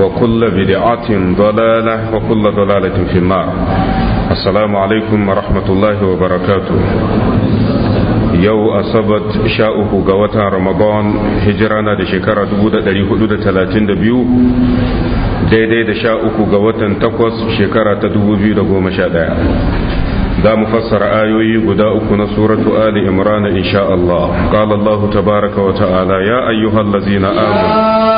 وكل بدعة ضلالة وكل ضلالة في النار السلام عليكم ورحمة الله وبركاته yau asabat sha uku ga watan ramadan hijira na da shekara 432 daidai da sha uku ga watan takwas shekara ta 2011 za mu fassara ayoyi guda uku na suratu ali imran insha Allah qala Allah tabaraka wa ta'ala ya ayyuhallazina Amur.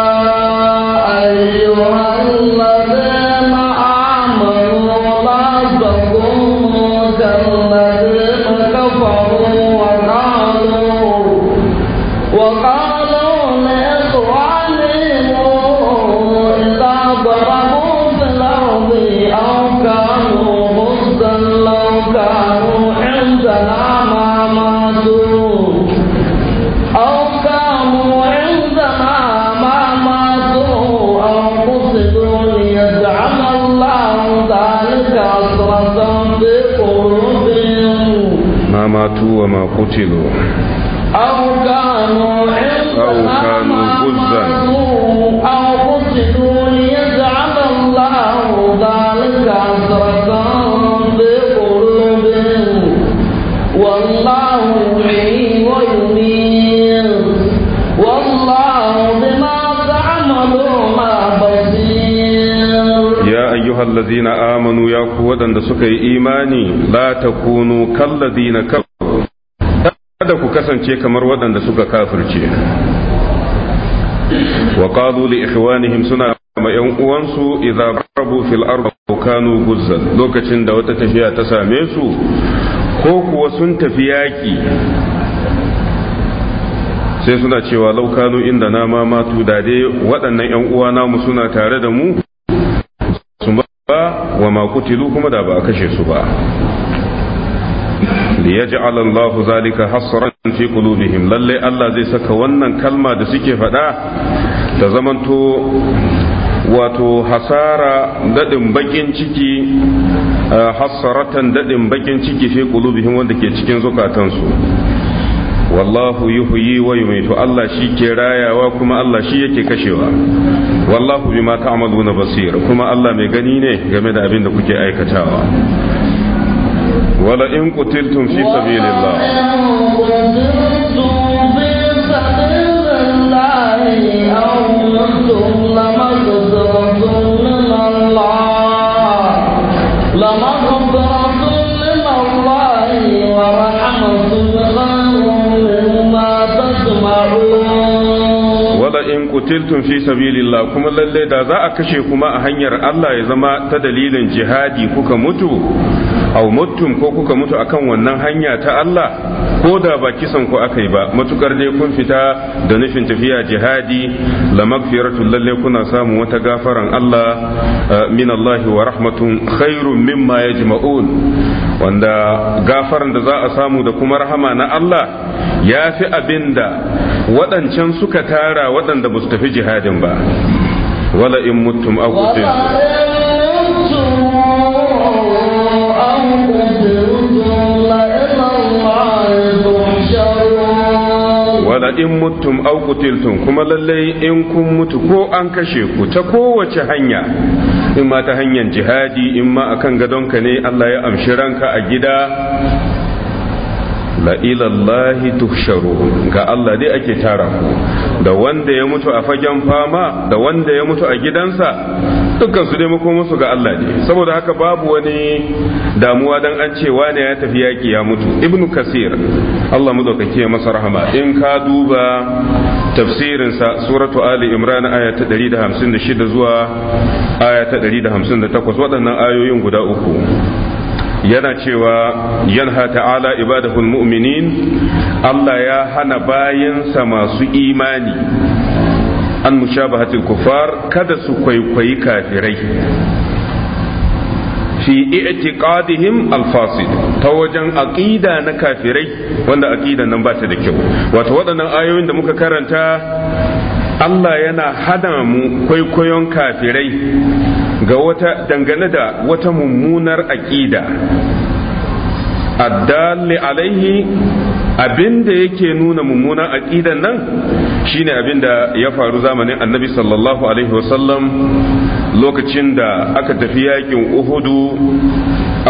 أيها الذين وما قتلوا أو كانوا أو كانوا غزا أو قتلوا ليجعل الله ذلك حسرة بقلوب والله يحيي ويميت والله بما تعملون بصير يا أيها الذين آمنوا يا قوة أن إيماني لا تكونوا كالذين كفروا kasance kamar waɗanda suka kafirce wa qalu li ikhwanihim suna ma yan uwansu idza rabu fil ardi kanu guzzan lokacin da wata tafiya ta same su ko kuwa sun tafi yaki sai suna cewa laukanu inda na ma matu da dai waɗannan yan uwa namu suna tare da mu su ba wa ma kutilu kuma da ba a kashe su ba liyaj'al Allah zalika hasran fi qulubihim lalle Allah zai saka wannan kalma da suke faɗa ta zamanto wato hasara daɗin bakin ciki eh, hasaratan daɗin bakin ciki fi qulubihim wanda ke cikin zukatansu wallahu yuhyi wa yumitu Allah shi ke rayawa kuma Allah shi yake kashewa wallahu bima ta'maluna basir kuma Allah mai gani ne game da abin da kuke aikatawa ولئن قتلتم في سبيل الله qutiltum fi sabilillah kuma lalle da za a kashe kuma a hanyar Allah ya zama ta dalilin jihadi kuka mutu au mutum ko kuka mutu akan wannan hanya ta Allah ko da ba kisan ku aka yi ba matukar dai kun fita da nufin tafiya jihadi la magfiratu lalle kuna samu wata gafaran Allah eh, min Allah wa rahmatun khairun mimma yajma'un wanda gafaran da za a samu da kuma rahama na Allah ya fi abinda waɗancan suka tara waɗanda ba su tafi jihadin ba wala in mutum a wala in mutum au kutiltum kuma lalle in kun mutu ko an kashe ku ta kowace hanya in ma ta hanyar jihadi in ma akan gadonka ne Allah ya amshi ranka a gida la ilallahi tuhsharu ga Allah dai ake tara ku da wanda ya mutu a fagen fama da wanda ya mutu a gidansa dukkan su dai su ga Allah ne saboda haka babu wani damuwa dan an ce wane ya tafi yaki ya mutu ibnu kasir Allah mu madaukake masa rahama in ka duba tafsirin sa suratu ali imran aya ta 156 zuwa aya ta 158 waɗannan ayoyin guda uku yana cewa yanha ta'ala ibadahul mu'minin Allah ya hana bayansa masu imani an mushabahatil kufar kada su kwaikwayi kafirai fi i'tiqadihim al-fasid ta wajen aqida na kafirai wanda aqidan nan ba ta da kyau wato waɗannan ayoyin da muka karanta Allah yana hada mu kwaikwayon kafirai ga wata dangane da wata mummunar aqida addalli alaihi abin da yake nuna mummunan aqidan nan shine abin da ya faru zamanin annabi sallallahu alaihi wasallam lokacin da aka tafi yakin uhudu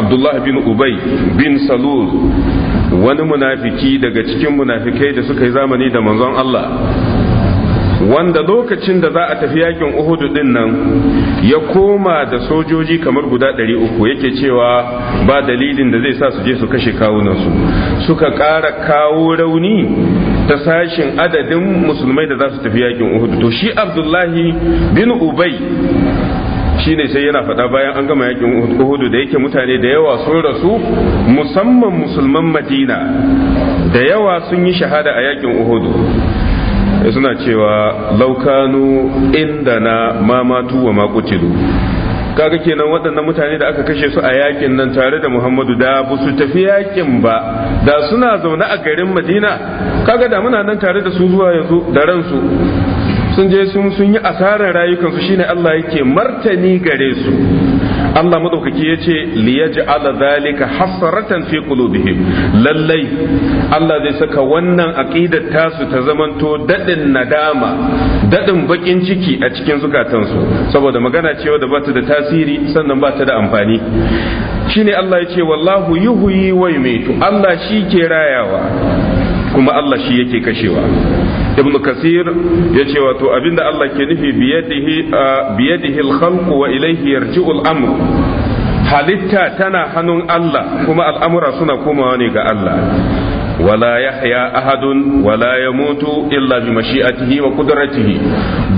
abdullah bin ubay bin salul wani munafiki daga cikin munafikai da suka yi zamani da manzon Allah wanda lokacin da za a tafi yakin uhudu din nan ya koma da sojoji kamar guda ɗari uku yake cewa ba dalilin da zai sa su je su kashe kawunansu suka ƙara kawo rauni ta sashin adadin musulmai da za su tafi yakin uhudu to shi abdullahi bin ubai shi ne sai yana faɗa bayan an gama yakin uhudu da yake mutane da yawa sun rasu musamman musulman madina da yawa sun yi shahada a yakin uhudu suna cewa laukanu inda na mamatu wa makucilu kaga kenan waɗannan mutane da aka kashe su a yakin nan tare da muhammadu da ba su tafi yakin ba da suna zaune a garin madina kaga da muna nan tare da su zuwa yanzu da ransu sun je sun yi asarar rayukansu shine Allah yake martani gare su Allah madaukaki ya ce liyaj'ala zalika hasratan fi qulubihim lallai Allah zai saka wannan aqidar tasu ta zamanto dadin nadama dadin bakin ciki a cikin zukatansu saboda magana cewa da bata da tasiri sannan bata da amfani shine Allah ya ce wallahu yuhyi wa yumitu Allah shi ke rayawa kuma Allah shi yake kashewa ibn kasir ya ce wato abinda Allah ke nufi biyadihi al-khalqu wa ilayhi yarji'u al-amr halitta tana hannun Allah kuma al'amura suna komawa ne ga Allah wala yahya ahadun wala yamutu illa bi mashi'atihi wa qudratihi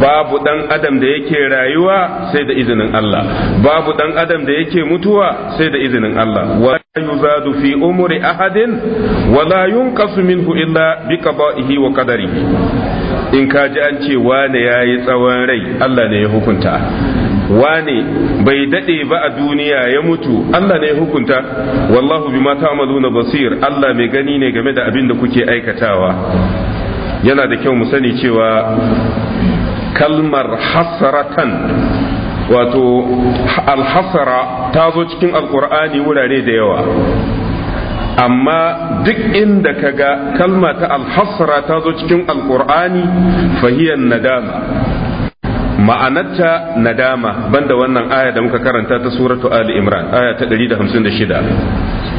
babu dan adam da yake rayuwa sai da izinin Allah babu dan adam da yake mutuwa sai da izinin Allah يزاد في أمر أحد ولا ينقص منه إلا بقضائه وقدره in ka ji an ce wane ya yi tsawon rai Allah ne ya hukunta wane bai daɗe ba a duniya ya mutu Allah ne ya hukunta wallahu bima ta'maluna basir Allah mai gani ne game da abin da kuke aikatawa yana da kyau mu sani cewa kalmar hasratan wato alhasara ta zo cikin alkur'ani wurare da yawa amma duk inda ka ga kalma ta alhassara ta zo cikin alkur'ani fahiyar nadama ma'anarta nadama banda wannan aya da muka karanta ta suratu ali imran aya ta 156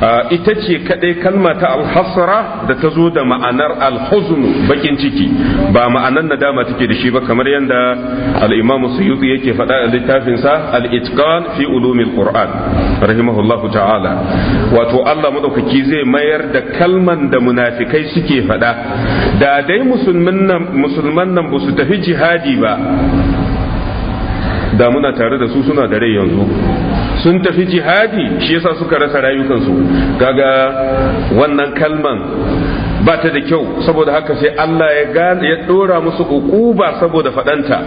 Ah, ita ce kadai kalma ta alhasara da ta zo da ma'anar alhuznu bakin ciki ba ma'anar nadama take da shi ba kamar yadda al-imam suyuti yake faɗa a littafinsa sa al-itqan fi ulumil qur'an rahimahullahu ta'ala wato Allah maɗaukaki zai mayar da kalman da munafikai suke faɗa da dai musulman nan ba su tafi jihadi ba da muna tare da su suna da rai yanzu sun tafi jihadi shi yasa suka rasa rayukansu gaga wannan kalman ba ta da kyau saboda haka sai Allah ya gane ya dora musu ukuba saboda fadanta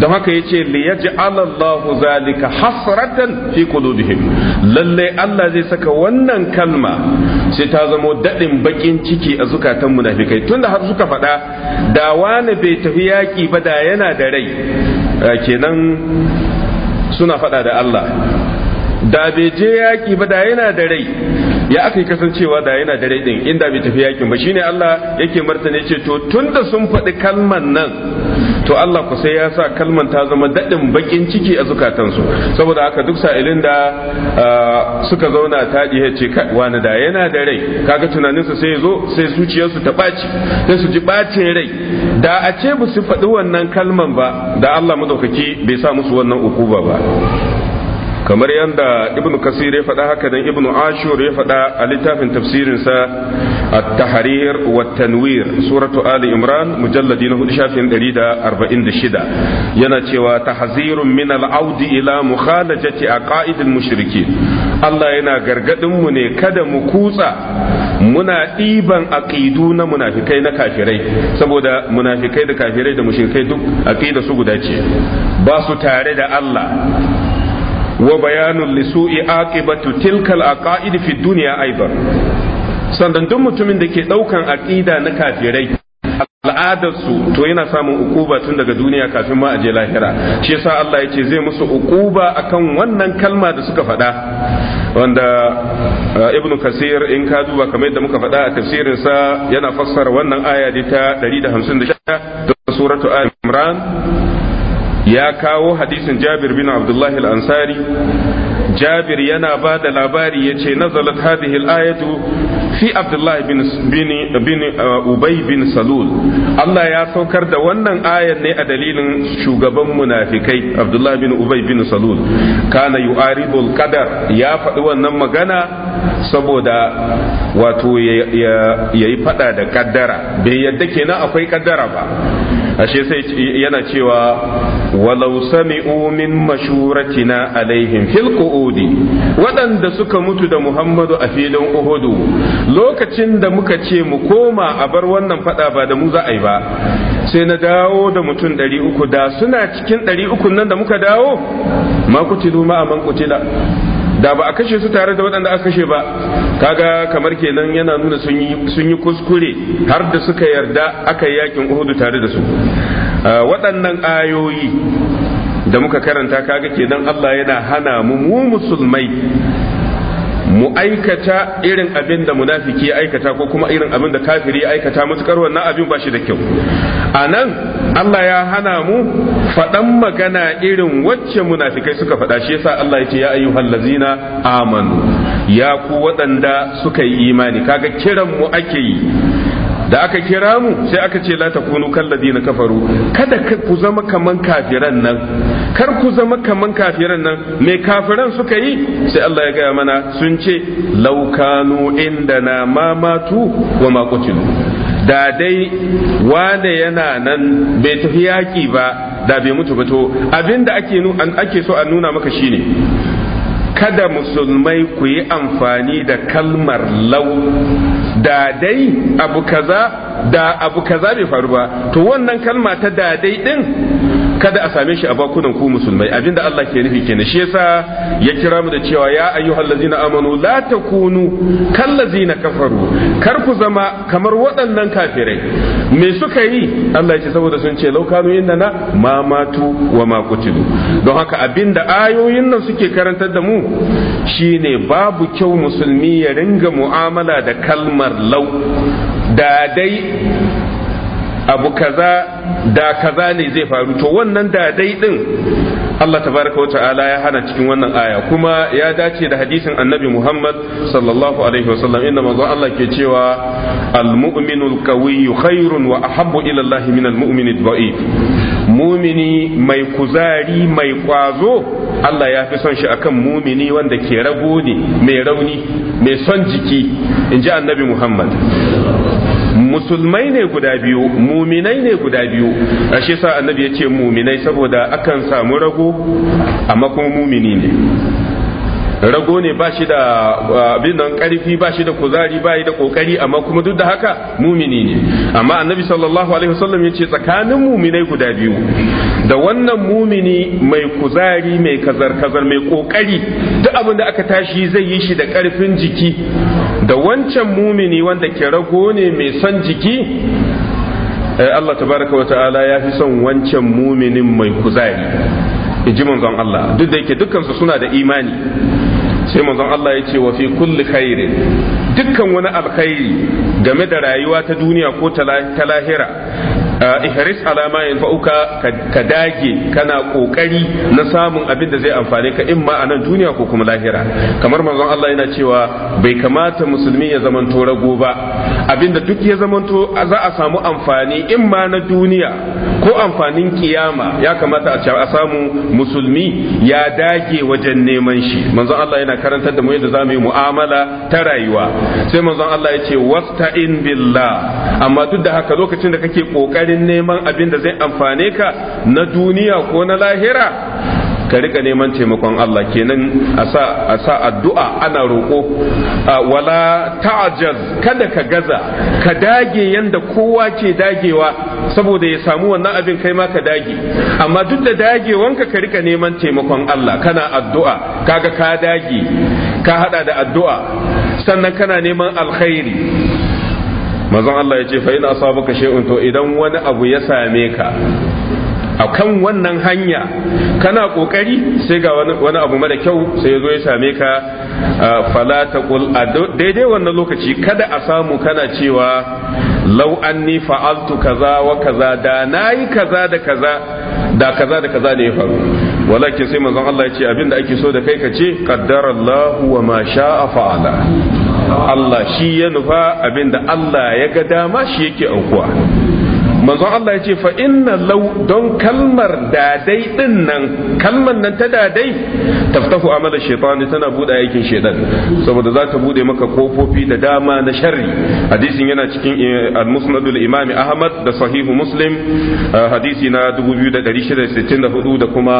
don haka yace li yaj'alallahu zalika hasratan fi qulubihim lalle Allah zai saka wannan kalma sai ta zamo dadin bakin ciki a zukatan munafikai tunda har suka fada da wani bai tafi yaki ba da yana da rai kenan suna fada da Allah da bai je yaƙi ba da yana da rai ya aka yi kasancewa da yana da rai din inda bai tafi yaƙin ba shine Allah yake martani ce to da sun faɗi kalman nan to Allah ku sai ya sa kalman ta zama daɗin baƙin ciki a zukatansu saboda haka duk sa'ilin da ah, suka zauna ta ya ce wani da yana da rai kaga su sai zo sai zuciyarsu ta ɓaci sai su ji ɓacin rai da a ce ba su faɗi wannan kalman ba da Allah madaukaki bai sa musu wannan ukuba ba kamar yadda ibnu kasir ya faɗa haka dan ibnu ashur ya faɗa a littafin tafsirinsa a tahrir wa tanwir suratu ali imran mujalladi na hudu shafin shida yana cewa tahzirun min al-audi ila mukhalajati a al-mushrikin Allah yana gargaɗin mu ne kada mu kutsa muna ɗiban aƙidu na munafikai na kafirai saboda munafikai da kafirai da mushrikai duk aƙida su guda ce ba su tare da Allah wa bayanun lisu'i aqibatu tilkal aqaid fi dunya sannan duk mutumin da ke ɗaukan aqida na kafirai al'adarsu to yana samun ukuba tun daga duniya kafin ma a lahira shi yasa Allah ya ce zai musu ukuba akan wannan kalma da suka faɗa wanda uh, ibnu kasir in ka duba kamar yadda muka faɗa a tafsirin sa yana fassara wannan aya ta 156 da suratu al-imran ya kawo hadisin jabir bin abdullahi al-ansari jabir yana ba da labari ya ce nazalat hadhihi ayatu fi abdullahi bin uh, ubay bin salul Allah ya saukar da wannan ayan ne a dalilin shugaban munafikai abdullahi bin ubay bin salul kana yu'aridul qadar ya faɗi wannan magana saboda wato yayi faɗa da kaddara bai yadda kenan akwai kaddara ba ashe sai yana cewa walau sami'u min mashuratina alaihim fil qu'udi waɗanda suka mutu da Muhammadu a filin Uhudu lokacin da muka ce mu koma a bar wannan fada ba da mu za a yi ba sai na dawo da mutum ɗari uku da suna cikin ɗari nan da muka dawo ma kutilu ma man kutila da ba a kashe su tare da waɗanda aka kashe ba kaga kamar kenan yana nuna sun yi kuskure har da suka yarda aka yi yakin uhudu tare da su ah, waɗannan ayoyi da muka karanta kaga kenan Allah yana hana mu mu musulmai mu aikata irin abin da munafiki ya aikata ko kuma irin abin da kafiri ya aikata mutukar wannan abin ba shi da kyau a nan Allah ya hana mu faɗan magana irin wacce munafikai suka faɗa shi yasa Allah ya ce ya ayyuhal lazina amanu ya ku waɗanda suka yi imani kaga kiran mu ake yi da aka kira mu sai aka ce la takunu kalladina kafaru kada ku zama kaman kafiran nan kar ku zama kaman kafiran nan me kafiran suka yi sai Allah ya gaya mana sun ce laukanu indana ma matu wa ma qutilu da dai wane yana nan bai tafi yaƙi ba da bai mutu ba to abinda ake ake so a nuna maka shine kada musulmai ku yi amfani da kalmar lau da dai abu kaza da abu kaza bai faru ba to wannan kalma ta dadai din kada a same shi a bakunan ku musulmai abinda Allah ke nufi kenan shi yasa ya kira mu da cewa ya ayyuhal ladzina amanu la takunu kal ladzina kafaru kar ku zama kamar waɗannan kafirai me suka yi Allah ya ce saboda sun ce laukanu innana ma matu wa ma kutilu don haka abinda ayoyin nan suke karantar da mu shine babu kyau musulmi ya ringa mu'amala da kalmar lau da dai abu kaza da kaza ne zai faru to wannan da dai din Allah tabaraka wata'ala ya hana cikin wannan aya kuma ya dace da hadisin annabi Muhammad sallallahu alaihi wasallam inda manzo Allah ke cewa al-mu'minu al-qawiyyu khairun wa ahabbu ila Allah min al-mu'min ad-da'if mumini mai kuzari mai kwazo Allah ya fi son shi akan mumini wanda ke rago ne mai rauni mai son jiki in ji annabi Muhammad musulmai ne guda biyu muminai ne guda biyu shi sa annabi ya ce muminai saboda akan samu rago amma kuma mumini ne rago ne ba shi da abin nan karfi ba shi da kuzari ba da kokari amma kuma duk da haka mumini ne amma annabi sallallahu alaihi wasallam ce tsakanin muminai guda biyu da wannan mumini mai kuzari mai kazar kazar mai kokari duk abin da aka tashi zai yi shi da karfin jiki da wancan mumini wanda ke rago ne mai son jiki eh, Allah tabaraka wa ta'ala ya fi son wancan muminin mai kuzari in ji manzon Allah duk da yake dukkansu suna da imani sai manzon Allah ya ce wa fi kulli khairin dukkan wani alkhairi game da rayuwa ta duniya ko ta lahira Ah, ihris ala ma yanfa'uka ka dage kana kokari na samun abin da zai amfane ka in a nan duniya ko kuma lahira kamar manzon Allah yana cewa bai kamata musulmi ya to rago ba abin da duk ya to za a samu amfani imma na duniya ko amfanin kiyama ya kamata a samu musulmi ya dage wajen neman shi manzon Allah yana karantar da mu yadda za mu yi mu'amala ta rayuwa sai manzon Allah ya ce wasta'in billah amma duk da haka lokacin da kake kokari tsakanin neman abin da zai amfane ka na duniya ko na lahira ka rika neman taimakon Allah kenan a sa addu'a ana roƙo wala ta'ajaz kada ka gaza ka dage yanda kowa ke dagewa saboda ya samu wannan abin kai ma ka dage amma duk da dagewanka ka rika neman taimakon Allah kana addu'a kaga ka dage ka hada da addu'a sannan kana neman alkhairi mazan Allah ya ce fa in ka shiun to idan wani abu ya same ka akan wannan hanya kana kokari sai ga wani abu mara kyau sai yazo zo ya same ka fala taqul daidai wannan lokaci kada a samu kana cewa law anni fa'altu kaza wa kaza da nayi kaza da kaza da kaza da kaza ne ya faru walakin sai manzon Allah ya ce abinda ake so da kai ka ce qaddarallahu wa ma sha'a fa'ala Allah shi ya nufa abinda Allah ya ga dama shi yake aukuwa manzon Allah ya ce fa inna law don kalmar dadai din nan kalmar nan ta dadai taftahu amala shaytan tana bude aikin shaytan saboda za ta bude maka kofofi da dama na sharri hadisin yana cikin eh, al-musnad al-imam ahmad da sahihu muslim eh, hadisi na 2664 da kuma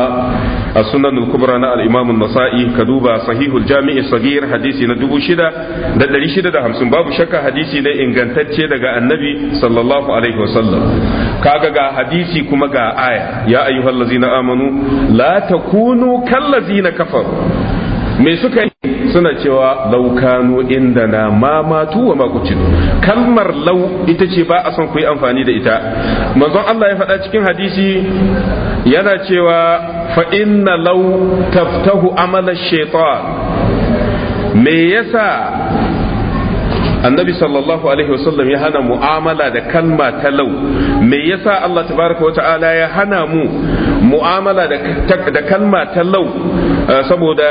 as-sunan eh, al-kubra na al-imam an-nasa'i ka duba sahihu al-jami' as-saghir hadisi na 6650 babu shakka hadisi ne ingantacce daga annabi sallallahu alaihi wasallam kaga ga hadisi kuma ga aya ya ayyuhal lazina amanu la takunu kal lazina kafar me suka yi suna cewa laukanu inda na mamatu wa makucinu kalmar lau ita ce ba a son ku yi amfani da ita manzon Allah ya faɗa cikin hadisi yana cewa fa inna lau taftahu amala shaitan me yasa annabi sallallahu alaihi wasallam ya hana mu'amala da kalma talau me yasa Allah tabaraka wa ta'ala ya hana mu mu'amala da kalma ta lau eh, saboda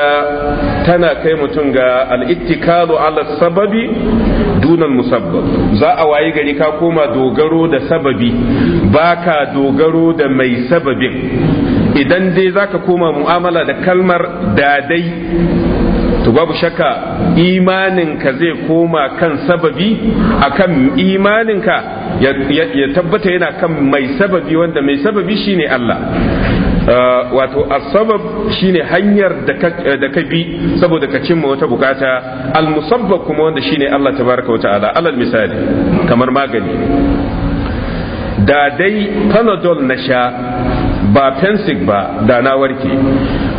tana kai mutum ga al-ittikalu ala sababi dunan musabbab za a wayi gari ka koma dogaro da sababi baka dogaro da mai sababin idan dai zaka koma mu'amala da kalmar dadai to babu shakka imaninka zai koma kan sababi akan imaninka ya tabbata yana kan mai sababi wanda mai sababi shine Allah uh, wato asabab shine hanyar da ka bi saboda ka cimma wata bukata almusabbab kuma wanda shine Allah tabaraka wa ta'ala alal misali kamar magani da dai panadol na sha ba pensig ba da na warke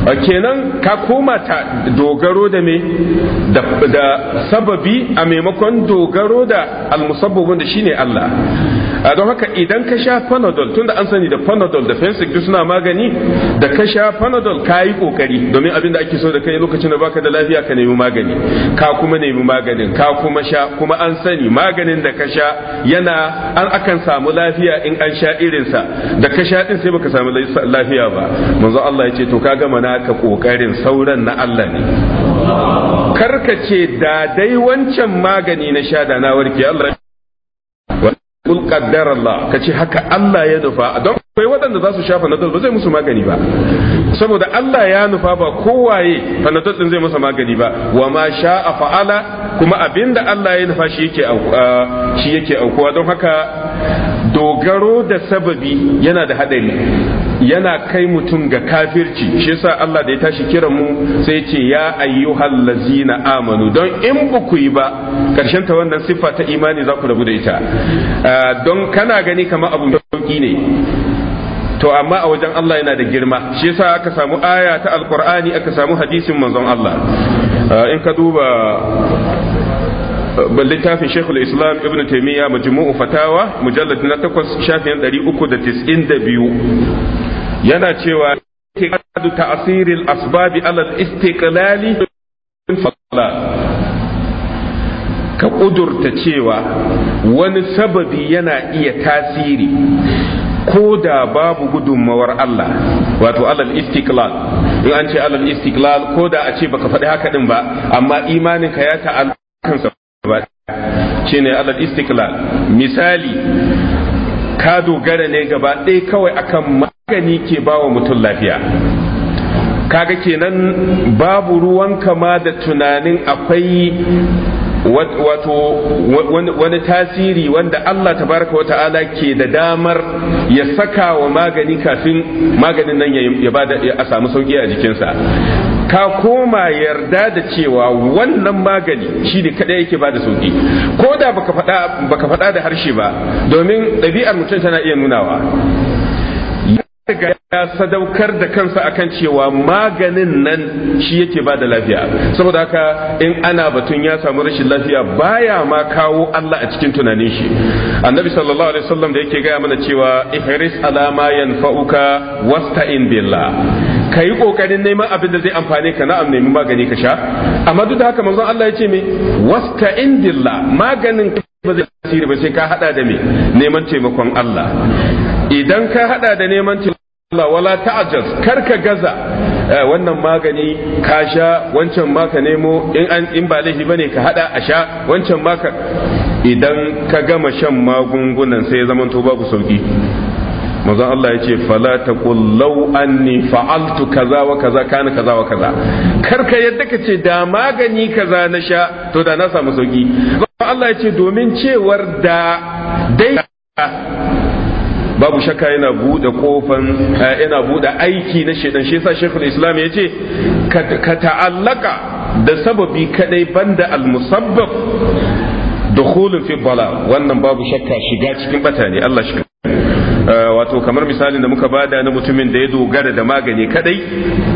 kenan ka koma ta dogaro da me da sababi a maimakon dogaro da almusabbabin da shine Allah a don haka idan ka sha panadol da an sani da panadol da fensik duk suna magani da ka sha panadol ka yi kokari domin abin da ake so da kai lokacin da baka da lafiya ka nemi magani ka kuma nemi maganin ka kuma sha kuma an sani maganin da ka sha yana an akan samu lafiya in an sha irinsa da ka sha din sai baka samu lafiya ba manzo Allah yace to ka gama naka kokarin sauran na Allah ne karka ce da dai wancan magani na sha da na warke Allah kul qaddara Allah kace haka Allah ya nufa don akwai waɗanda za su sha fanadol ba zai musu magani ba saboda Allah ya nufa ba kowaye fanadol din zai masa magani ba wa ma sha'a fa'ala kuma abinda Allah ya nufa shi yake shi yake aukuwa don haka dogaro da sababi yana da haɗari yana kai mutum ga kafirci shi yasa Allah da ya tashi kiran mu sai ya ce ya ayyuhal lazina amanu don in ba yi ba karshen ta wannan siffa ta imani za ku rabu da ita don kana gani kamar abu sauki ne to amma a wajen Allah yana da girma shi yasa aka samu aya ta alqur'ani aka samu hadisin manzon Allah uh, in ka duba uh, littafin shekul islam ibn taimiyya majmu'u fatawa mujallad na takwas shafin ɗari uku da tis'in da biyu yana cewa itikadu ta'asirin asbabi ala istiqlali ka kudurta cewa wani sababi yana iya tasiri ko da babu gudunmawar Allah wato alal istiklal in an ce alal istiklal ko da a ce baka faɗi haka din ba amma imaninka ya ta'alla kansa ba Ce ne alal istiklal misali ka dogara ne gaba ɗaya kawai akan magani ke ba wa mutum lafiya kaga kenan babu ruwan kama da tunanin akwai wato wani tasiri wanda Allah ta baraka wa ta'ala ke da damar ya saka wa magani kafin maganin nan ya bada a samu sauki a jikinsa ka koma yarda da cewa wannan magani shi ne kaɗai yake bada sauki ko da baka faɗa faɗa da harshe ba domin ɗabi'ar mutum tana iya nunawa ya sadaukar da kansa akan cewa maganin nan shi yake ba da lafiya saboda haka in ana batun ya samu rashin lafiya baya ma kawo Allah a cikin tunanin shi annabi sallallahu alaihi wasallam da yake gaya mana cewa ihris ala ma yanfa'uka wasta'in billah kai kokarin neman abin da zai amfane ka na'am nemi magani ka sha amma duk da haka manzon Allah ya ce me wasta'in billah maganin ba zai tasiri ba sai ka hada da me neman taimakon Allah idan ka hada da neman taimakon Allah wala ta'ajjaz kar ka gaza eh, wannan magani ka sha wancan ma ka nemo in an in ba laifi bane ka hada a sha wancan ma ka idan ka gama shan magungunan sai ya zama to babu sauki manzon Allah yace fala taqul law anni fa'altu kaza wa kaza kana kaza wa kaza kar ka yadda ka ce da magani kaza na sha to da na samu sauki Allah yace domin cewar da dai babu shakka yana bude kofan eh, yana bude aiki na shedan shi yasa shekul islam ya ce ka ta'allaka da sababi kadai banda al-musabbab da fi bala wannan babu shakka shiga cikin batani. Allah shi eh, wato kamar misalin da muka bada na mutumin da ya dogara da magani kadai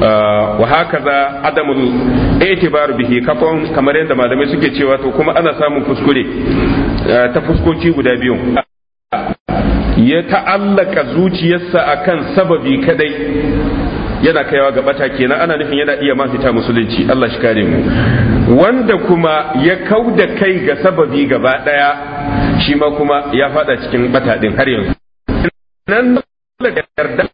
eh, wa hakaza adamul i'tibar bihi kafon kamar yadda malamai suke cewa to kuma ana samun kuskure ta fuskoki guda biyu ya ta'allaka zuciyarsa akan sababi kadai yana kaiwa ga bata kenan ana nufin yana iya ma musulunci Allah shi kare mu wanda kuma ya kau da kai ga sababi gaba daya shi ma kuma ya fada cikin bata din har yanzu nan yarda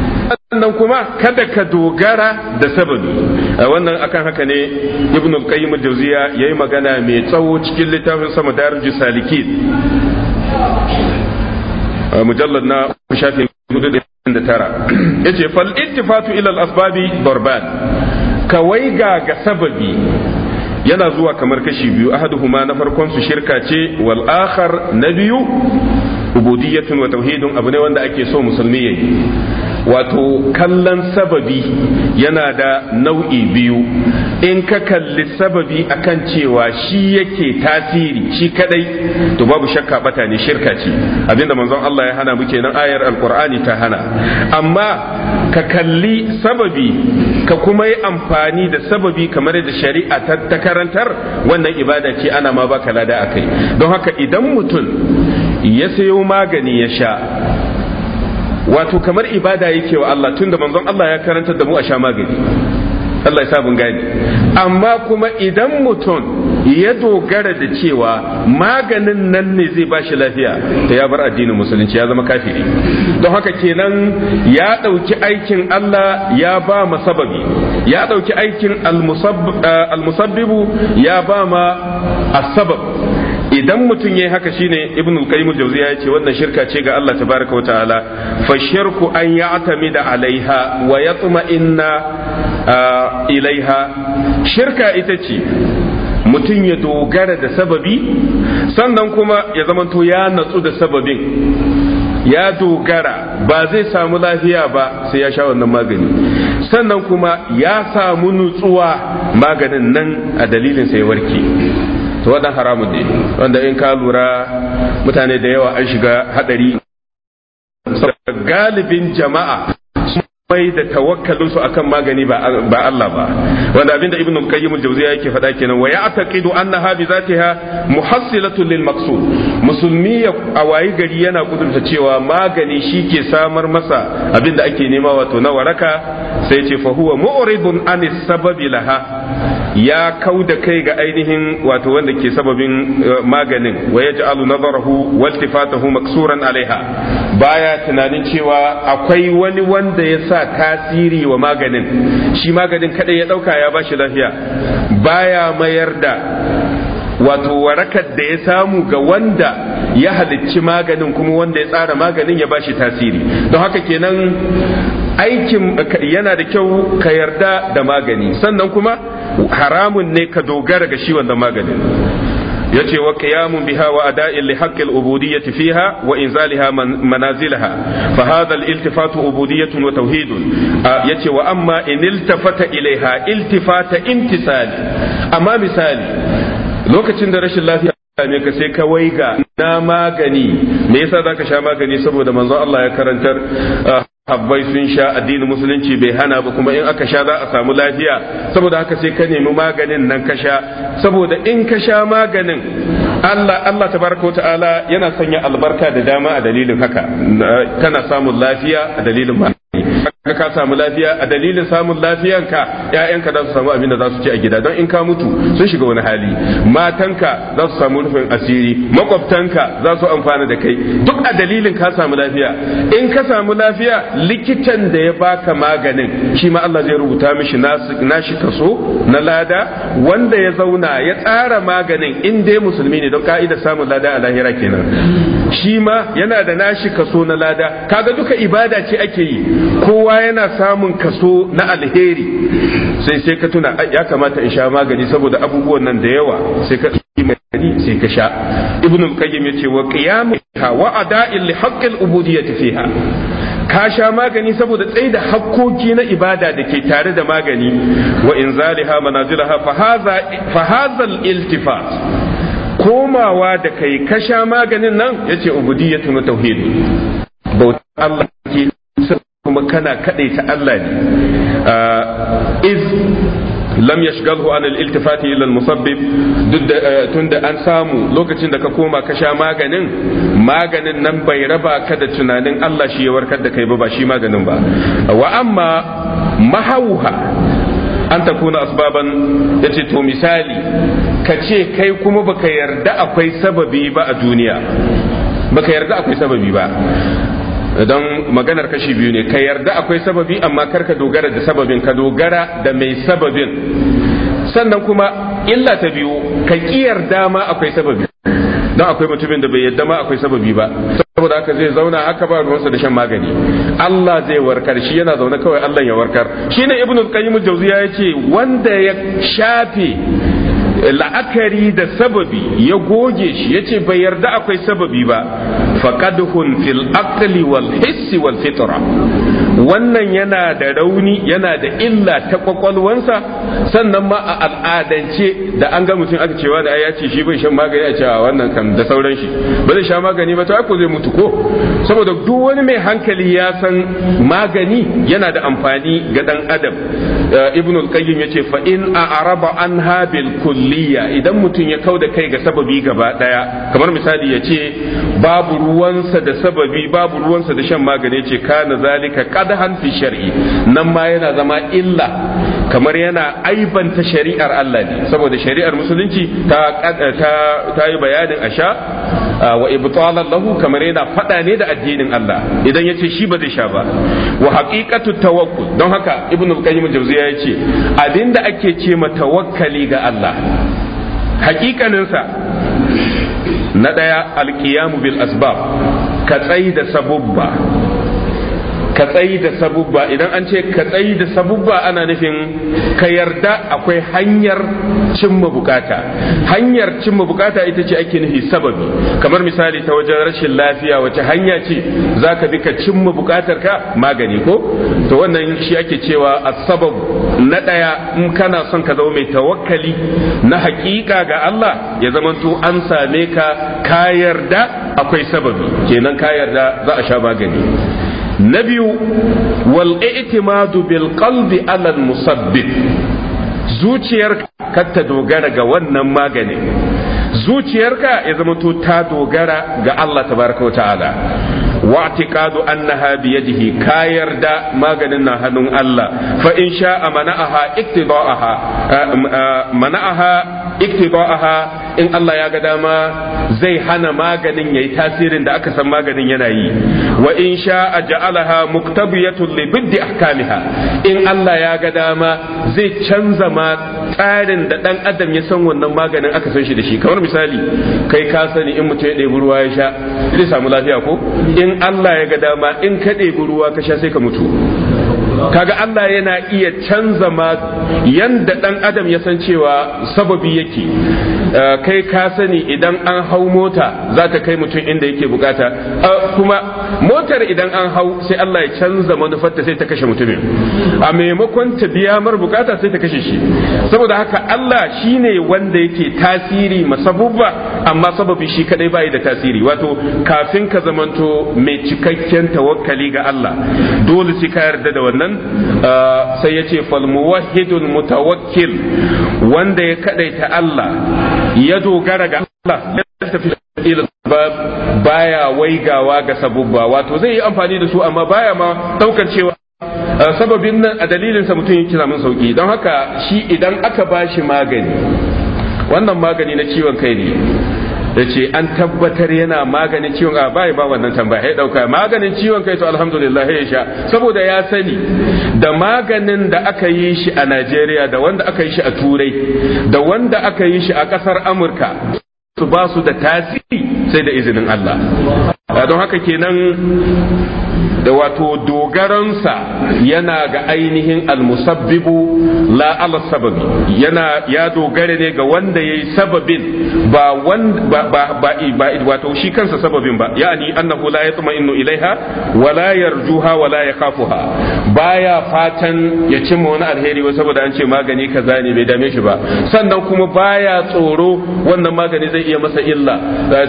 sannan kuma kada ka dogara da sababi a wannan akan haka ne ibnu qayyim jawziya yayi magana mai tsawo cikin littafin sama darujus salikin mujallar na shafin da tara ya ce fal ilal asbabi barbad kawai ga ga sababi yana zuwa kamar kashi biyu ahaduhuma na farkon su shirka ce wal akhar na biyu ubudiyyatun wa tauhidun abu ne wanda ake so musulmi yayi wato kallon sababi yana da nau'i biyu in ka kalli sababi akan cewa shi yake tasiri shi kadai to babu shakka bata ne shirka ce abinda manzon Allah ya hana mu kenan ayar alqur'ani ta hana amma ka kalli sababi ka kuma yi amfani da sababi kamar da shari'a ta karantar wannan ibada ce ana ma baka lada akai don haka idan mutum ya sayo magani ya sha wato kamar ibada yake wa Allah tunda manzon Allah ya karanta da mu a sha magani Allah ya sa mun gani amma kuma idan mutum ya dogara da cewa maganin nan ne zai ba shi lafiya ta ya bar addinin musulunci ya zama kafiri don haka kenan ya ɗauki aikin Allah ya ba ma sababi ya ɗauki aikin eh, almusabbibu ya ba ma asabab idan mutum ya yi haka shine ibn al-qayyim al-jawziya yace wannan shirka ce ga Allah tabaaraka wa ta'ala fa shirku an ya'tamida alaiha wa yatma inna ilaiha shirka ita ce mutum ya dogara da sababi sannan kuma ya zamanto ya natsu da sababin ya dogara ba zai samu lafiya ba sai ya sha wannan magani sannan kuma ya samu nutsuwa maganin nan a dalilin sai warke to wadan haramun ne wanda in ka lura mutane da yawa an shiga hadari galibin jama'a bai da tawakkalin su akan magani ba Allah ba wanda abinda ibn al-qayyim al-jawziya yake faɗa kenan wa ya'taqidu annaha bi zatiha muhassilatun lil maqsud musulmi a wayi gari yana kudurta cewa magani shike samar masa abinda ake nema wato na waraka sai ce fa huwa mu'ridun anis sababi laha ya kauda kai ga ainihin wato wanda ke sababin eh, maganin wa yaj'alu nazarahu waltifatahu maksuran alaiha baya tunanin cewa akwai wani wanda ya sa tasiri wa maganin shi maganin kadai ya dauka ya bashi lafiya baya mayar da wato warakar da ya samu ga wanda ya halicci maganin kuma wanda ya tsara maganin ya bashi tasiri don haka kenan aikin yana da kyau ka yarda da magani sannan kuma haramun ne ka dogara ga shi wannan maganin yace wa qiyamun biha wa ada'in li haqqi al-ubudiyyah fiha wa inzalaha manazilaha fa hadha al-iltifat ubudiyyah wa tauhid yace wa amma in iltafata ilaiha iltifata imtisali amma misali lokacin da rashin lafiya same ka sai kawai ga na magani me yasa zaka sha magani saboda manzon Allah ya karantar ah, habbai sun sha addinin musulunci bai hana ba kuma in aka sha za a samu lafiya saboda haka sai ka nemi maganin nan ka sha saboda in ka sha maganin Allah Allah tabaraka wa ta'ala yana sanya albarka da dama a dalilin haka kana samun lafiya a dalilin ka samu lafiya a dalilin samun lafiyanka ƴaƴanka za su samu abin da za su ci a gida don in ka mutu sun shiga wani hali matanka za su samu rufin asiri makwabtanka za su amfana da kai duk a dalilin ka samu lafiya in ka samu lafiya likitan da ya baka maganin shi ma Allah zai rubuta mishi nashi kaso na lada wanda ya zauna ya tsara maganin in dai musulmi ne don ka'idar samun lada a lahira kenan shi ma yana da nashi kaso na lada kaga duka ibada ce ake yi kowa yana samun kaso na alheri sai sai ka tuna ya kamata in sha magani saboda abubuwan nan da yawa sai ka magani sai ka sha ibn qayyim yace wa qiyamha wa ada'il li haqqil ubudiyyati fiha ka sha magani saboda tsaye da hakkoki na ibada da ke tare da magani wa inzaliha manazilaha fa hadha fa hadha al-iltifat komawa da kai kasha maganin nan ya ce ubudiyatun tauhid bautar Allah ke kuma kana ta Allah ne ah, iz lam yashgalhu an al-iltifati ila al-musabbib duk eh, tunda an samu lokacin da ka koma ka sha maganin maganin nan bai raba ka da tunanin Allah shi ya warkar da kai ba ba shi maganin ba wa amma mahauha an ta kuna asbaban yace to misali ka ce kai kuma baka yarda akwai sababi ba a duniya baka yarda akwai sababi ba don maganar kashi biyu ne ka yarda akwai sababi amma kar ka dogara da sababin ka dogara da mai sababin sannan kuma illa ta biyu ka ƙi yarda ma akwai sababi don akwai mutumin da bai yarda ma akwai sababi ba saboda haka zai zauna haka ba ruwansa da shan magani Allah zai warkar shi yana zaune kawai Allah ya warkar Shi shine ibnu qayyim jawziya yace wanda ya shafe la'akari da sababi ya goge shi ya ce bai yarda akwai sababi ba faƙaduhun fil aqli wal hissi wal fitra wannan yana da rauni yana da illa ta kwakwalwansa sannan ma a al'adance da an ga mutum aka cewa da ya ce shi bai shan magani a cewa wannan kan da sauran shi ba zai sha magani ba to ko zai mutu ko saboda duk wani mai hankali ya san magani yana da amfani ga dan adam eh, ibnul qayyim yace fa in a'raba anha bil kulli kulliya idan mutum ya kau da kai ga sababi gaba daya kamar misali ya ce babu ruwansa da sababi babu ruwansa da shan magani ce kana zalika qadhan fi shar'i nan ma yana zama illa kamar yana aibanta shari'ar Allah ne saboda shari'ar musulunci ta ta, ta yi bayanin asha Ah, wa ibtalan lahu kamar yana fada ne da addinin Allah idan yace shi ba zai sha ba wa haqiqatu tawakkul don haka ibnu qayyim jawziya yace abinda ake ce ma tawakkali ga Allah hakikaninsa na daya alqiyamu bil asbab ka tsai da sabubba ka tsayi da sabubba idan an ce ka tsayi da sabubba ana nufin ka yarda akwai hanyar cimma bukata hanyar cimma bukata ita ce ake nufi sababi kamar misali ta wajen rashin lafiya wace hanya ce za ka bi ka cimma bukatar ka magani ko to wannan shi ake cewa a sabab na ɗaya in kana son ka zama mai tawakkali na haƙiƙa ga Allah ya zama zamanto an same ka ka yarda akwai sababi kenan ka yarda za a sha magani na biyu wal i'timadu bil qalbi ala musabbib zuciyarka kar ta dogara ga wannan magani zuciyarka ya zama to ta dogara ga Allah tabaraka wa ta'ala wa'tiqadu annaha bi yadihi ka yarda maganin na hannun Allah fa in sha'a mana'aha iktida'aha mana'aha iktida'aha in Allah ya ga dama zai hana maganin yayi tasirin da aka san maganin yana yi wa in sha'a ja'alaha muktabiyatun li biddi ahkamiha in Allah ya ga dama zai canza tsarin da ɗan adam ya san wannan maganin aka san shi da shi kamar misali kai ka sani in mutum ya ɗebi ruwa ya sha zai samu lafiya ko Allah ya ga dama in ka ɗebi ruwa ka sha sai ka mutu kaga Allah yana iya canza ma yanda dan adam ya san cewa sababi yake eh, kai ka sani idan an hau mota za ta kai mutum inda yake bukata eh, kuma motar idan an hau sai Allah ya canza manufarta sai ta kashe mutumin a maimakon ta biya mar bukata sai ta kashe shi saboda haka Allah shine wanda yake tasiri masabubba amma sababi shi kadai bai da tasiri wato kafin ka zamanto mai cikakken tawakkali ga Allah dole sai ka yarda da wannan nan ah, sai ya ce ta mutawakkil wanda ya kadaita Allah ya dogara ga Allah ya tafi ila sabab baya waigawa ga sabubba wato zai yi amfani da su amma baya ma daukar cewa ah, sababin nan a dalilinsa mutum yake samun sauki don haka shi idan aka bashi magani wannan magani na ciwon kai ne da ce an tabbatar yana maganin ciwon a bai ba wannan tambaya ya dauka maganin ciwon kai to alhamdulillah ya sha saboda ya sani da maganin da aka yi shi a Najeriya da wanda aka yi shi a Turai da wanda aka yi shi a ƙasar Amurka su basu da tasiri sai da izinin Allah don haka kenan da wato dogaransa yana ga ainihin almusabbibu la ala sababi yana ya dogara ne ga wanda yayi sababin ba ba ba wato shi kansa sababin ba yani annahu la yatma'innu ilaiha wa la yarjuha wa la yakhafuha baya fatan ya cimma wani alheri ba saboda an ce magani kaza ne bai dame shi ba sannan kuma baya tsoro wannan magani zai iya masa illa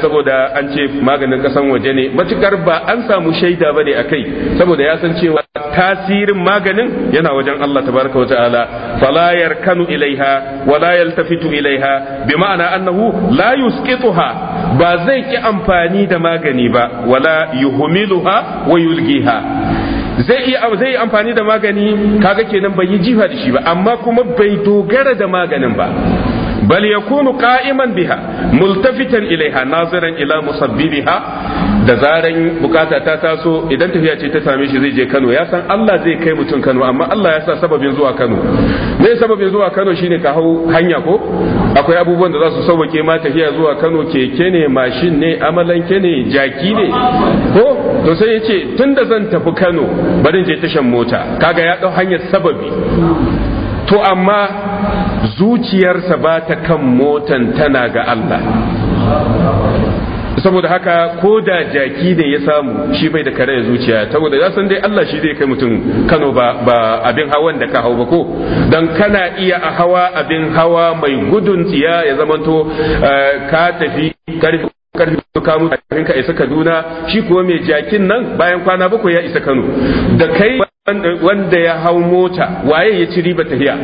saboda an ce maganin kasan waje ne matukar ba an samu shaida ba ne a kai saboda ya san cewa tasirin maganin yana wajen Allah tabaraka wa ta'ala falayar yarkanu ilaiha wala yaltafitu ilaiha bi ma'ana annahu la yusqituha ba zai ki amfani da magani ba wala yuhmiluha wa yulgiha zai iya zai amfani da magani kaga kenan bai yi jifa da shi ba amma kuma bai dogara da maganin ba bal yakunu qa'iman biha multafitan ilaiha naziran ila musabbibiha da zaran bukata ta taso idan tafiya ce ta same shi zai je Kano ya san Allah zai kai mutum Kano amma Allah ya sa sababin zuwa Kano me sababin zuwa Kano shine ka hau hanya ko akwai abubuwan da za su sauwake ma tafiya zuwa Kano keke ne mashin ne amalanke ne jaki ne ko to sai yace tunda zan tafi Kano barin je tashan mota kaga ya dau hanyar sababi to amma zuciyarsa ba ta kan motan tana ga Allah saboda haka ko da jaki ne ya samu shi bai da kare zuciya saboda ya san dai Allah shi zai kai mutum Kano ba abin hawan da ka hau ba ko dan kana iya a hawa abin hawa mai gudun tsiya ya zamanto eh, ka tafi karfi karfi ka mutu ka isa Kaduna shi kuwa mai jakin nan bayan kwana bakwai ya isa Kano da kai wanda ya hau mota waye ya ci riba tafiya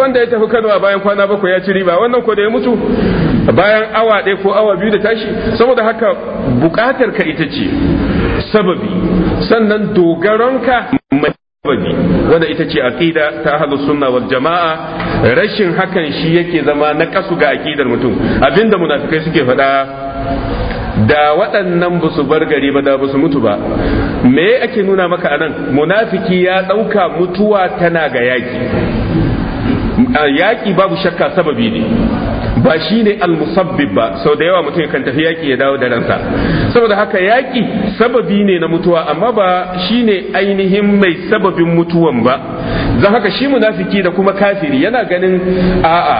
wanda ya tafi Kano a bayan kwana bakwai ya ci riba wannan ko da ya mutu bayan awa ɗaya ko awa biyu da tashi saboda haka buƙatar ka ita ce sababi sannan dogaronka ka sababi wanda ita ce aqida ta hala sunna wal jama'a rashin hakan shi yake zama na kasu ga aqidar mutum abinda munafikai suke faɗa da waɗannan ba su bar gari ba da ba su mutu ba me ake nuna maka anan munafiki ya ɗauka mutuwa tana ga yaki yaƙi babu shakka sababi ne ba shi ne almusabbib ba sau da yawa mutum kan tafi yaƙi ya dawo da ransa saboda haka yaƙi sababi ne na mutuwa amma ba shi ne ainihin mai sababin mutuwan ba zan haka shi munafiki da kuma kafiri yana ganin a'a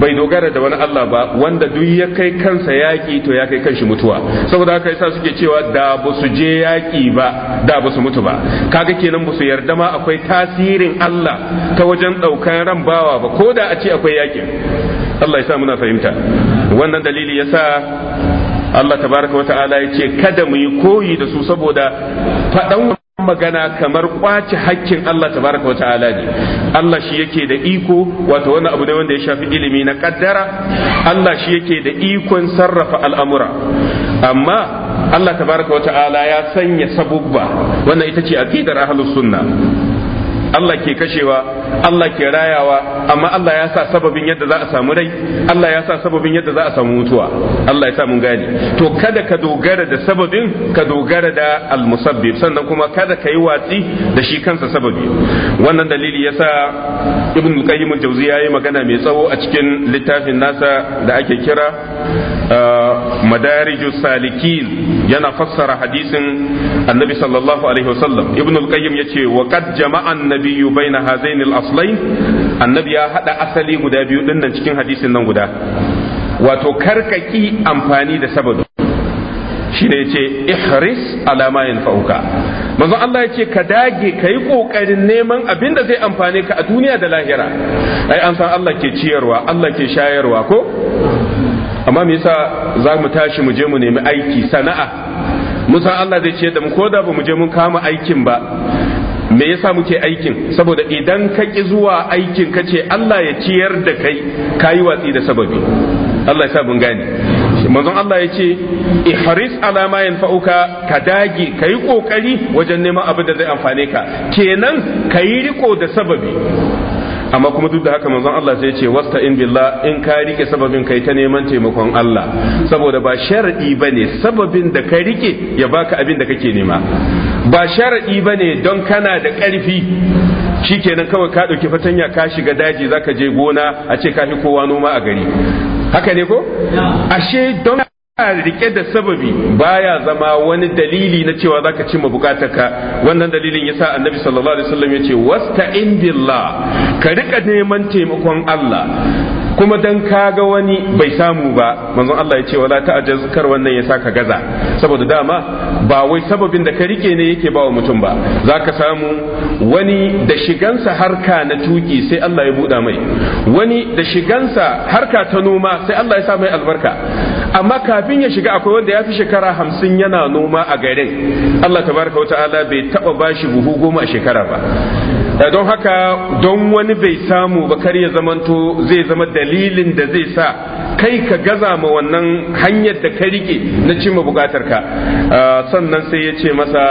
bai dogara da wani Allah ba wanda duk ya kai kansa yaƙi to ya kai kanshi mutuwa saboda haka yasa suke cewa da ba su je yaƙi ba da ba su mutu ba kaga kenan ba su yarda ma akwai tasirin Allah ta wajen ɗaukar ran bawa bawa ba ko da a ce akwai yakin Allah ya sa muna fahimta wannan dalili ya sa Allah tabaraka wa ta'ala ya ce kada mu yi koyi da su saboda faɗan magana kamar kwace hakkin Allah tabaraka wa ta'ala ne Allah shi yake da iko wato wani abu ne wanda ya shafi ilimi na kaddara Allah shi yake da ikon sarrafa al'amura amma Allah tabaraka wa ta'ala ya sanya sabubba wannan ita ce aqidar ahlus sunna Allah ke kashewa Allah ke rayawa amma Allah ya sa sababin yadda za a samu rai Allah ya sa sababin yadda za a samu mutuwa Allah ya sa mun gane to kada ka dogara da sababin ka dogara da almusabbib sannan kuma kada ka yi watsi da shi kansa sababi wannan dalili yasa ibn qayyim al-jawzi yayi magana mai tsawo a cikin littafin nasa da ake kira uh, madarijus salikin yana fassara hadisin annabi sallallahu alaihi wasallam ibn al-qayyim yace wa qad jama'a nabiyyu baina hazaini aslain annabi ya hada asali guda biyu din cikin hadisin nan guda wato ki amfani da sabadu shi ne yace ihris ala ma yanfa'uka manzo Allah yace ka dage kayi kokarin neman abin da zai amfani ka a duniya da lahira ai an san Allah ke ciyarwa Allah ke shayarwa ko amma me yasa za mu tashi mu je mu nemi aiki sana'a mun san Allah zai ciyar da mu ko da ba mu je mun kama aikin ba me yasa muke aikin saboda idan ka ki zuwa aikin ka ce Allah ya ciyar da kai kayi watsi da sababi Allah ya sa mun gane manzon Allah ya ce ihris ala ma yanfa'uka ka dage kai kokari wajen neman abin da zai amfane ka kenan kayi riko da sababi amma kuma duk da haka manzon Allah sai ce wasta in billah in ka rike sababin kai ta neman taimakon Allah saboda ba shar'i bane sababin da ka rike ya baka abin da kake nema ba shar'i bane don kana da ƙarfi shikenan kawai ka dauki fatanya ka shiga daji zaka je gona a ce ka fi kowa noma a gari haka ne ko ashe don rike da sababi baya zama wani dalili na cewa zaka cimma bukatarka wannan dalilin yasa annabi sallallahu alaihi wasallam yace wasta'in billah ka rika neman taimakon Allah kuma dan kaga wani bai samu ba manzon Allah ya ce wala ta'jaz kar wannan yasa ka gaza saboda dama ba wai sababin da ka rike ne yake ba wa mutum ba zaka samu wani da shigansa harka na tuki sai Allah ya buɗa mai wani da shigansa harka ta noma sai Allah ya sa mai albarka amma kafin ya shiga akwai wanda ya fi shekara hamsin yana noma a garin Allah tabaraka wa ta'ala bai taɓa bashi buhu goma a shekara ba don haka don wani bai samu ba kar ya zamanto zai zama da dalilin da zai sa kai ka gaza ma wannan hanyar da ka rike na cimma bukatar ka ah, sannan sai ya ce masa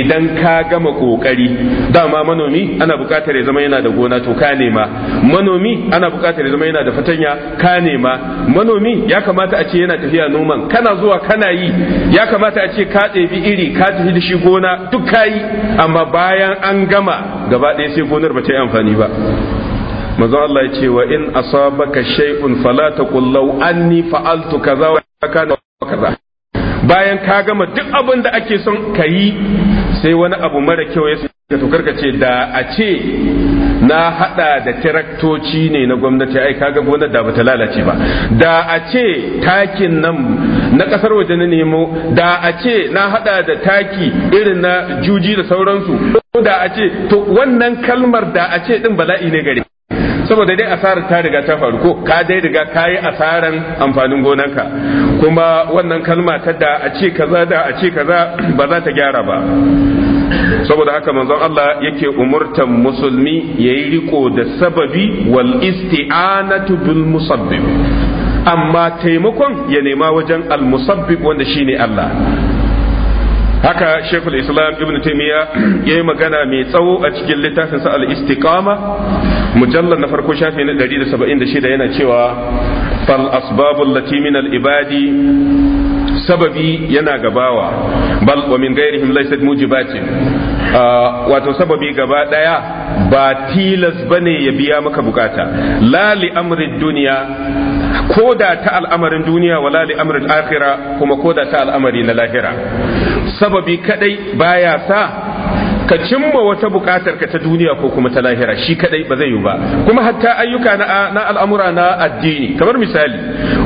idan ka gama kokari dama manomi ana bukatar ya zama yana da gona to ka nema manomi ana bukatar ya zama yana da fatanya ka nema manomi ya kamata a ce yana tafiya noman kana zuwa kana yi ya kamata a ce ka tsebi iri ka tafi da shi gona duk ka amma bayan an gama gaba ɗaya sai gonar ba ta yi amfani ba manzo Allah ya ce wa in asabaka shay'un fala taqul law anni fa'altu kaza wa kaza bayan ka gama duk abin da ake son ka yi sai wani abu mara kyau ya sake to karka ce da a ce na hada da tiraktoci ne na gwamnati ai kaga gonar da bata lalace ba da a ce takin nan na kasar waje na nemo da a ce na hada da taki irin na juji da sauransu da a ce to wannan kalmar da a ce din bala'i ne gare saboda dai asarar ta riga ta faru ko ka dai riga ka yi asaran amfanin gonanka kuma wannan kalma ta da a ce kaza da a ce kaza ba za ta gyara ba saboda haka manzon Allah yake umurtan musulmi yayi riko da sababi wal isti'anatu bil musabbib amma taimakon ya nema wajen al musabbib wanda shine Allah haka shekul islam ibn taimiyya ya yi magana mai tsawo a cikin littafin al-istiqama mujallar na farko shafi na 176 yana cewa fal asbabul lati min al-ibadi sababi yana gabawa bal wa min ghairihim laysat mujibatin wato sababi gaba daya ba tilas bane ya biya maka bukata la li amri dunya ko da ta al'amarin duniya wala li amrin akhira kuma ko da ta al'amari na lahira sababi kadai baya sa ka cimma wata bukatar ka ta duniya ko kuma ta lahira shi kadai ba zai yi ba kuma hatta ayyuka na, na al'amura na addini kamar misali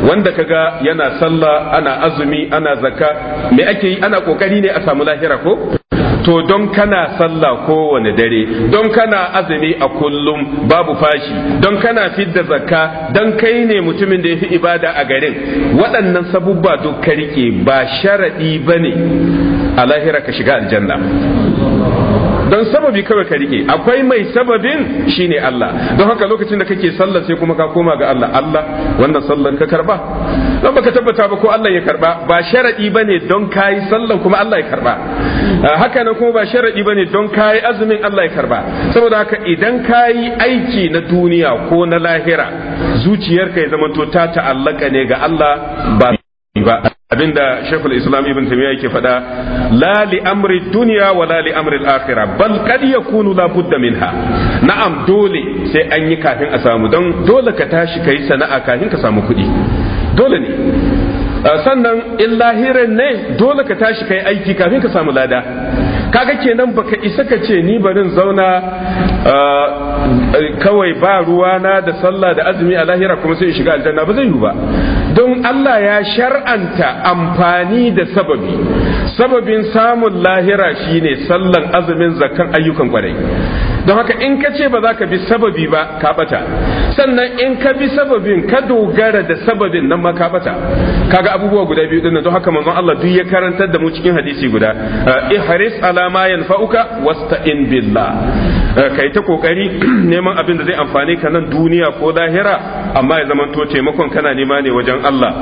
wanda kaga yana sallah ana azumi ana zakka me ake yi ana kokari ne a samu lahira ko to don kana sallah kowane dare don kana azumi a kullum babu fashi don kana fidda zakka don kai ne mutumin da ya fi ibada a garin waɗannan sabubba duk ka rike ba sharaɗi ba ne a lahira ka shiga aljanna don sababi kawai ka rike akwai mai sababin shine Allah don haka lokacin da kake sallar sai kuma ka koma ga Allah Allah wannan sallar ka karba don baka tabbata ba ko Allah ya karba ba sharadi bane don kai sallar kuma Allah ya karba ah, haka nan kuma ba sharadi bane don kai azumin Allah ya karba saboda haka idan kai aiki na duniya ko na lahira zuciyarka ya zama to ta ta'allaka ne ga Allah ba abinda shekul islam ibn tamiya yake faɗa la li amri dunya wa la li amri akhirah bal kad yakunu la budda minha na'am dole sai an yi kafin a samu don dole ka tashi kai sana'a kafin ka samu kuɗi dole ne sannan in ne dole ka tashi kai aiki kafin ka samu lada kaga kenan baka isa ka ce ni barin zauna uh, kawai ba ruwa na da sallah da azumi a lahira kuma sai shiga aljanna ba zai yi ba don Allah ya shar'anta amfani da sababi sababin samun lahira shine sallan azumin zakan ayyukan kwarai don haka in ka ce ba za ka bi sababi ba ka bata sannan in ka bi sababin ka dogara da sababin nan ma ka bata kaga abubuwa guda biyu dinnan don haka manzon Allah duk ya karantar da mu cikin hadisi guda eh, ihris ala ma yanfa'uka wasta'in billah Eh, kai ta kokari neman abin da zai amfane ka nan duniya ko lahira amma ya zamanto taimakon kana nema ne wajen Allah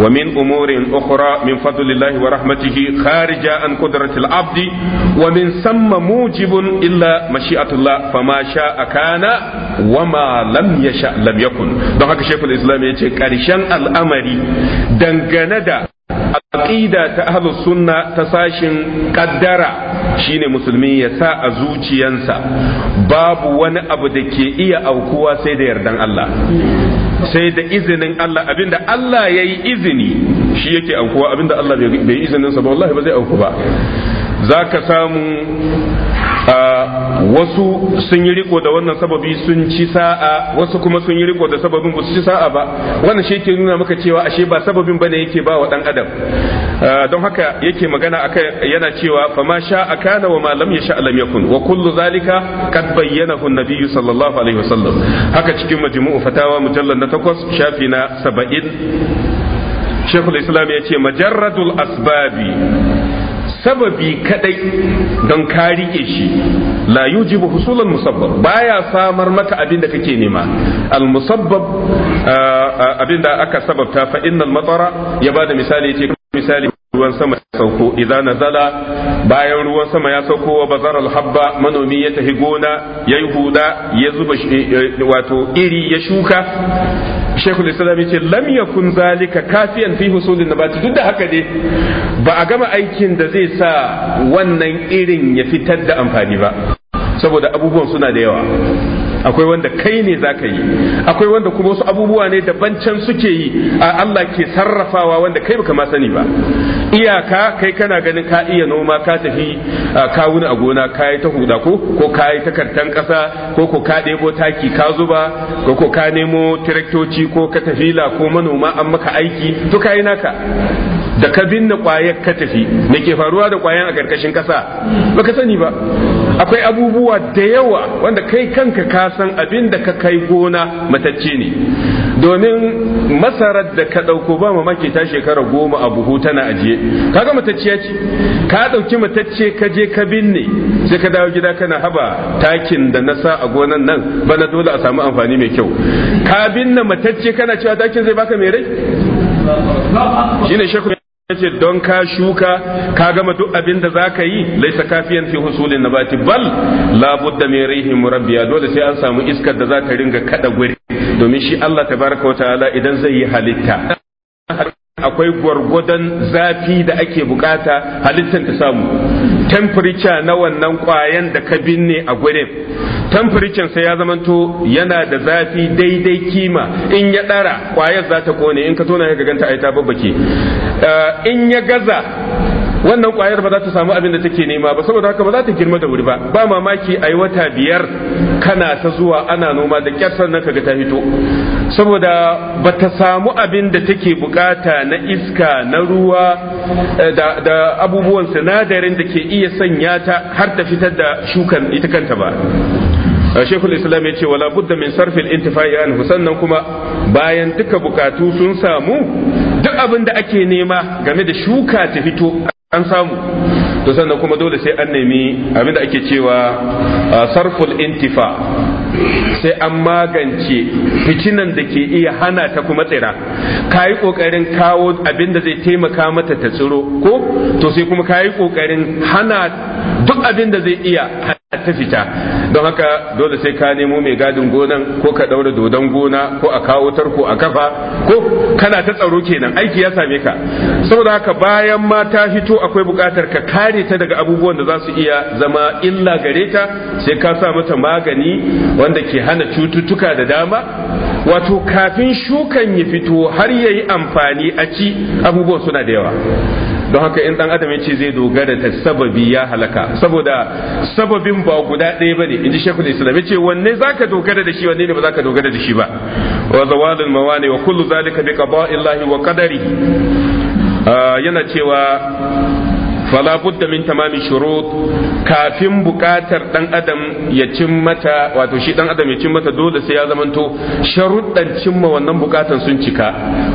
wa min umurin ukhra min fadlillahi wa rahmatihi kharija an qudratil abdi wa min samma mujibun illa mashi'atullah fama sha kana wa ma lam yasha lam yakun don haka shekul islam ya ce karshen al'amari dangane da aqida ta ahlus sunna ta sashin kaddara shine musulmi ya sa a zuciyansa babu wani abu da ke iya aukuwa sai da yardan Allah sai da izinin Allah abinda Allah ya yi izini shi yake aukuwa abinda Allah bai izinin sa ba wallahi ba zai auku ba zaka samu wasu sun yi riko da wannan sababi sun ci sa'a wasu kuma sun yi riko da sababin ba su ci sa'a ba wannan shi yake nuna maka cewa ashe ba sababin bane yake ba wa dan adam don haka yake magana akai yana cewa fa ma sha akana wa ma lam yasha lam yakun wa kullu zalika qad bayyanahu an-nabiy sallallahu alaihi wasallam haka cikin majmu'u fatawa mujallal na 8 shafi na 70 Shekul Islam ya ce majarradul asbabi sababi kadai don ka rike shi la yujibu husulan musabbab baya samar maka abin da kake nema al musabbab abin da aka sababta fa innal matara ya bada misali yace misali ruwan sama ya sauko idza nazala bayan ruwan sama ya sauko wa bazaral habba manomi ya tafi gona yayi huda ya zuba wato iri ya shuka shekul islam yace lam yakun zalika kafiyan fi husulin nabati duk da haka dai ba a gama aikin da zai sa wannan irin ya fitar da amfani ba saboda abubuwan suna da yawa akwai wanda kai ne za ka yi akwai wanda kuma wasu abubuwa ne daban can suke yi a Allah ke sarrafawa wanda kai baka ma sani ba iyaka kai kana ganin ka iya noma ka tafi ka wuni a gona ka yi ta huda ko ko ka yi ta kartan kasa ko ko ka ɗebo taki ka zuba ko ko ka nemo tiraktoci ko ka tafila ko manoma an maka aiki to ka yi naka da ka binne kwayar ka tafi me ke faruwa da kwayan a karkashin kasa baka sani ba akwai abubuwa da yawa wanda kai kanka ka san abin da ka kai gona matacce ne domin masarar da ka ɗauko ba mamaki ta shekara goma a buhu tana ajiye kaga matacce ya ce ka ɗauki matacce ka je ka binne sai ka dawo gida kana haba takin da na sa a gonan nan bana dole a samu amfani mai kyau ka binne matacce kana cewa takin zai baka mai rai shine ce don ka shuka ka gama duk abin da za ka yi laisa kafiyan fi husulin nabati bal labudda mai rihin murabbiya dole sai an samu iskar da za ta ringa kada guri domin shi Allah tabaraka wa ta'ala idan zai yi halitta akwai gwargwadon zafi da ake bukata halittar ta samu temperature na wannan kwayan da ka binne a gurin temperature sai ya zamanto yana da zafi daidai kima in ya dara kwayar za ta kone in ka tona ya ganta ai ta babbake eh, in ya gaza wannan kwayar ba za ta samu abin da take nema ba saboda haka ba za ta girma da wuri ba ba mamaki a yi wata biyar kana ta zuwa ana noma da kyar sannan kaga ta fito saboda ba ta samu abin da take bukata na iska na ruwa eh, da abubuwan sinadarin da ke iya sanya ta har ta fitar da shukan ita kanta ba eh, shekul islam ya ce wala budda min sarfil intifa'i sannan kuma bayan duka bukatu sun samu duk abin da ake nema game da shuka ta fito an samu to sannan kuma dole sai an nemi abinda ake cewa sarful intifa sai an magance fitinan da ke iya hana ta kuma tsira ka yi ƙoƙarin kawo abinda zai taimaka mata ta tsiro ko to sai kuma ka yi ƙoƙarin hana duk abin da zai iya ta fita don haka dole sai ka nemo mai gadin gonan ko ka daura dodon gona ko a kawo tarko a kafa ko kana ta tsaro kenan aiki ya same ka saboda haka bayan ma ta fito akwai bukatar ka kare ta daga abubuwan da za su iya zama illa gare ta sai ka sa mata magani wanda ke hana cututtuka da dama wato kafin shukan ya fito har yayi amfani a ci abubuwan suna da yawa don haka in dan adam yace zai dogara da sababi ya halaka saboda sababin ba guda ɗaya bane inji shekul islam ce wanne zaka dogara da shi wanne ne ba zaka dogara da shi ba wa zawadul mawani wa kullu zalika bi qada'illahi wa qadarihi ah, yana cewa fala budda min tamami shurut kafin bukatar dan adam ya cin mata wato shi dan adam ya cin mata dole sai ya zamanto sharuddan cimma wannan bukatan sun cika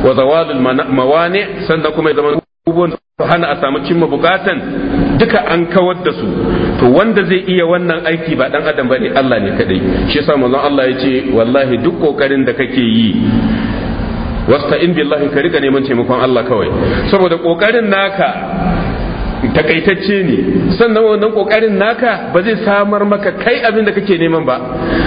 wa zawalul mawani sannan kuma ya zamanto abubuwan hana a samu cimma bukatan duka an kawar da su to wanda zai iya wannan aiki ba dan adam bane Allah ne kadai shi yasa manzon Allah ya ce wallahi duk kokarin da kake yi in billahi ka rika neman taimakon Allah kawai saboda kokarin naka takaitacce ne sannan wannan kokarin naka ba zai samar maka kai abin da kake neman ba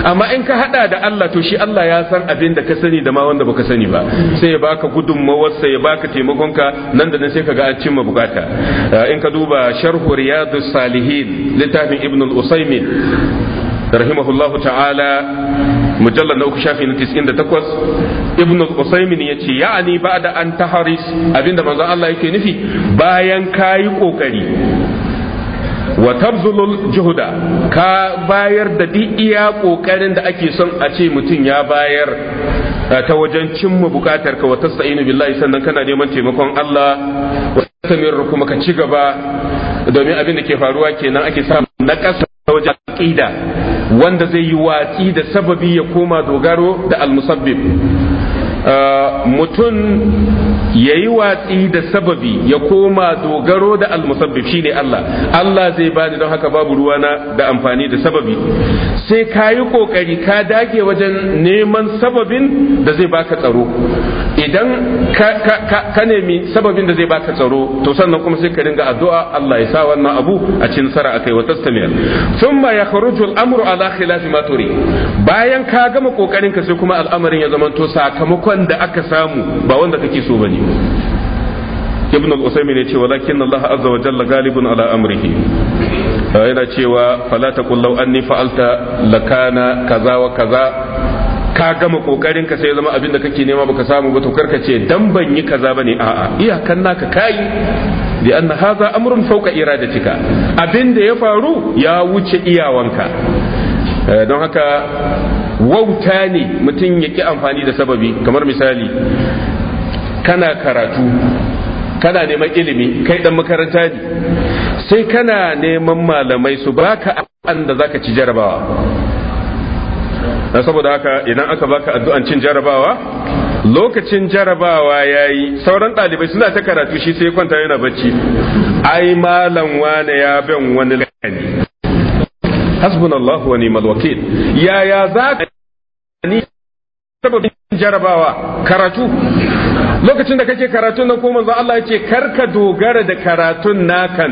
amma in ka hada da Allah to shi Allah ya san abin da ka sani da ma wanda baka sani ba sai ya baka gudunmawar sai ya baka taimakon ka nan da nan sai ka ga an cimma bukata in ka duba sharhu riyadus salihin littafin ibnu al-usaymin rahimahullahu ta'ala mujallar na uku shafi na 98 ibnu usaimin ya ce ya'ani ba da an taharis abinda manzon Allah yake nufi bayan kayi kokari wa tabzulul juhuda ka bayar da duk iya kokarin da ake son a ce mutum ya bayar ta wajen cimma bukatar ka wa tasta'inu billahi sannan kana neman taimakon Allah wa tamir kuma ka ci gaba domin abin da ke faruwa kenan ake samu na ta wajen aqida wanda zai yi watsi da sababi ya koma dogaro da almusabbib uh, mutum ya yi watsi da sababi ya koma dogaro da almusabbib ne Allah Allah zai bani don haka babu ruwa na da amfani da sababi sai ka yi kokari ka dage wajen neman sababin da zai baka tsaro idan ka nemi sababin da zai baka tsaro to sannan kuma sai ka dinga addu'a Allah ya sa wannan abu a cin sara akai wa tastamiyar thumma yakhruju al-amru ala khilafi ma turi bayan ka gama kokarin ka sai kuma al'amarin ya zamanto sakamakon da aka samu ba wanda kake so bane ibn al-usaymin ya ce walakin Allah azza wa jalla galibun ala amrihi yana cewa fala taqul law anni fa'alta lakana kaza wa kaza ka gama kokarin ka sai zama abin da kake nema baka samu ba to karka ce dan ban yi kaza bane a'a iyakan naka kai bi anna hadha amrun fawqa iradatika abin da ya faru ya wuce iyawanka eh, don haka wauta ne mutum ya ki amfani da sababi kamar misali kana karatu kana neman ilimi kai dan makaranta ne sai kana neman malamai su baka an da zaka ci jarabawa saboda haka idan aka baka addu'an cin jarabawa lokacin jarabawa ya yi sauran ɗalibai suna ta karatu shi sai kwanta yana bacci ai malam wane ya ban wani lani hasbunallahu wa ni'mal wakil yaya za ka ni jarabawa karatu lokacin da kake karatu na ko manzo Allah kar karka dogara da karatun nakan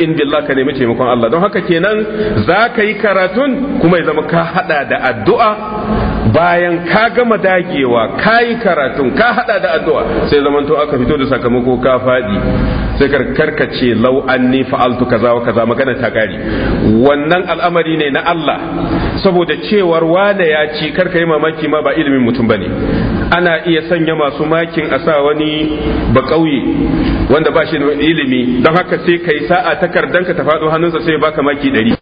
in billah ka nemi taimakon Allah don haka kenan za ka yi karatun kuma ya zama ka hada da addu'a bayan ka gama dagewa ka yi karatun ka hada da addu'a sai zamanto aka fito da sakamako ka fadi. sai karkace lau an ni fa'altu kaza wa kaza magana ta kare wannan al'amari ne na Allah saboda cewar wane ya ci karka yi mamaki ma ba ilimin mutum bane ana iya sanya masu makin a sa wani ba kauye wanda ba shi da ilimi don haka sai kai sa'a takardanka ta faɗo hannunsa sai baka maki ɗari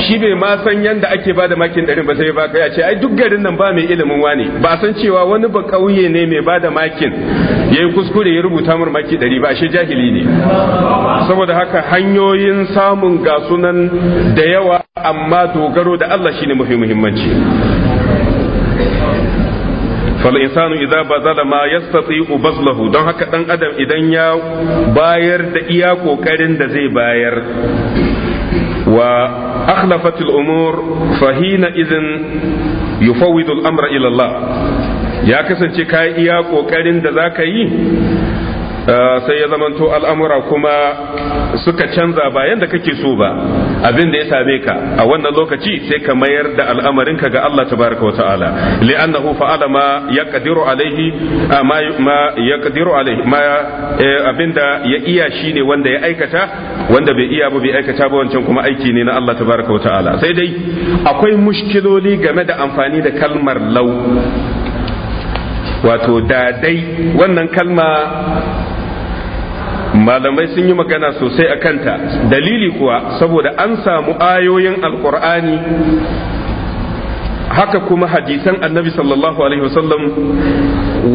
shi bai ma san yanda ake ba da makin ɗarin ba sai ba kai a ce ai duk garin nan ba mai ilimin wane ba san cewa wani ba ƙauye ne mai ba da makin ya yi kuskure ya rubuta mur maki ɗari ba shi jahili ne saboda haka hanyoyin samun gasunan da yawa amma dogaro da Allah shine mafi muhimmanci فالإنسان إذا بذل ما يستطيع بذله don haka dan adam idan ya bayar da iya kokarin da zai bayar وأخلفت الأمور فحينئذ يفوض الأمر إلى الله ya kasance ka yi iya ƙoƙarin da za ka yi Ah, sai ya zamanto al'amura kuma suka canza bayan da kake so ba abin da ya same ka a wannan lokaci sai ka mayar da al'amarinka ga Allah tabaraka wa ta'ala li'annahu fa'ala ma yaqdiru alaihi ah, ma yaqdiru alaihi ma eh, abinda ya iya shine wanda ya aikata wanda bai iya ba bai aikata ba wancan kuma aiki ne na Allah tabaraka wa ta'ala sai dai akwai mushkiloli game da amfani da kalmar lau wato dadai wannan kalma malamai sun yi magana sosai a kanta dalili kuwa saboda an samu ayoyin alkur'ani haka kuma hadisan annabi sallallahu alaihi wasallam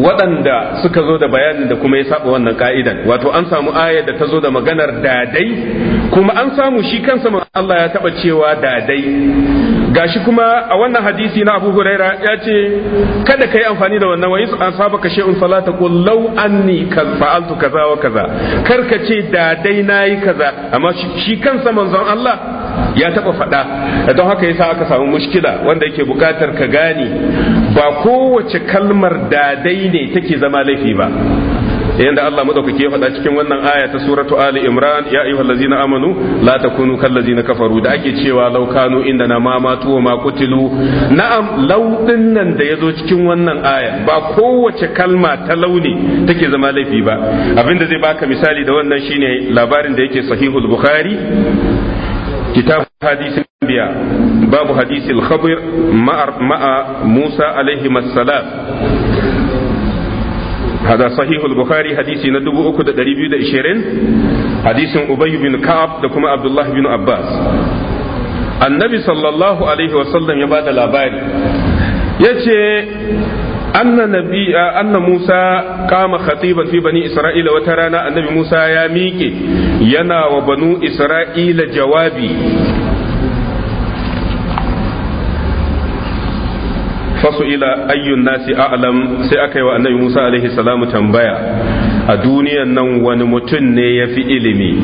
waɗanda suka zo da bayanin da kuma ya saba wannan ka'idan wato an samu ayar da ta zo da maganar dadai kuma an samu shi kansa Allah ya taba cewa dadai gashi kuma a wannan hadisi na Abu Huraira ya ce kada kai amfani da wannan wayi an saba ka shay'un fala taqul law anni fa'altu kaza wa kaza karka ce dadai nayi kaza amma shi kansa manzon Allah ya taba faɗa don haka yasa aka samu mushkila wanda yake bukatar ka gane ba kowace kalmar dadai ne take zama laifi ba yanda Allah madaukake ya faɗa cikin wannan aya ta suratu Ali Imran ya ayyuhal ladzina amanu la takunu kal ladzina kafaru da ake cewa law kanu na ma matu wa ma kutilu na'am law nan da yazo cikin wannan aya ba kowace kalma ta launi take zama laifi ba abinda zai baka misali da wannan shine labarin da yake sahihul bukhari كتاب حديث الأنبياء باب حديث الخبر مع موسى عليهما السلام هذا صحيح البخاري حديث ندبو أكد دريبيو دا إشيرين حديث أبي بن كعب دكما عبد الله بن عباس النبي صلى الله عليه وسلم يبادى الأباري يتي أن نبي أن موسى قام خطيبا في بني إسرائيل وترانا النبي موسى يا ميكي yana wa banu isra'ila jawabi Fasu ila ayyun nasi a'lam sai aka yi wa annabi Musa alaihi salamu tambaya a duniyan nan wani mutum ne ya fi ilimi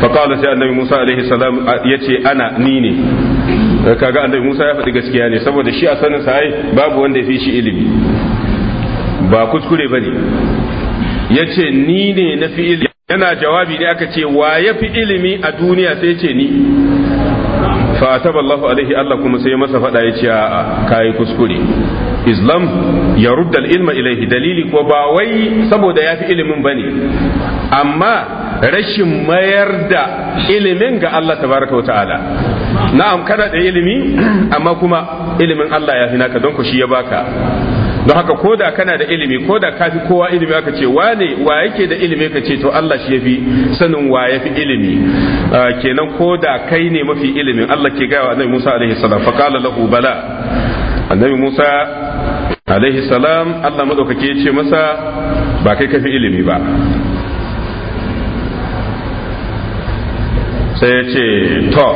faƙala sai annabi Musa alaihi salam ya ce ana ni ne kaga annabi Musa ya faɗi gaskiya ne saboda shi a sanin sa babu wanda ya fi shi ilimi ba kuskure ba ne ya ce ni ne na fi ilimi yana jawabi ne aka ce wa ya fi ilimi a duniya sai ce ni fa ballahu alaihi Allah kuma sai masa faɗa ya ce a kayi kuskure islam ya rudda ilma ilaihi dalili ko ba wai saboda ya fi ilimin ba ne. amma rashin mayar da ilimin ga Allah Ta baraka wa ta'ala na'am kana da ilimi amma kuma ilimin Allah ya fi naka don ku shi ya baka don haka ko da kana da ilimi ko da ka fi kowa ilimi aka ce wane wa yake da ilimi ka ce to Allah shi yafi sanin wa yafi ilimi ah, kenan ko da kai ne mafi ilimin Allah ke gaya wa annabi Musa alaihi salam fa qala lahu bala annabi Musa alaihi salam Allah madaukake ya ce masa ba kai kafi ilimi ba sai ya ce to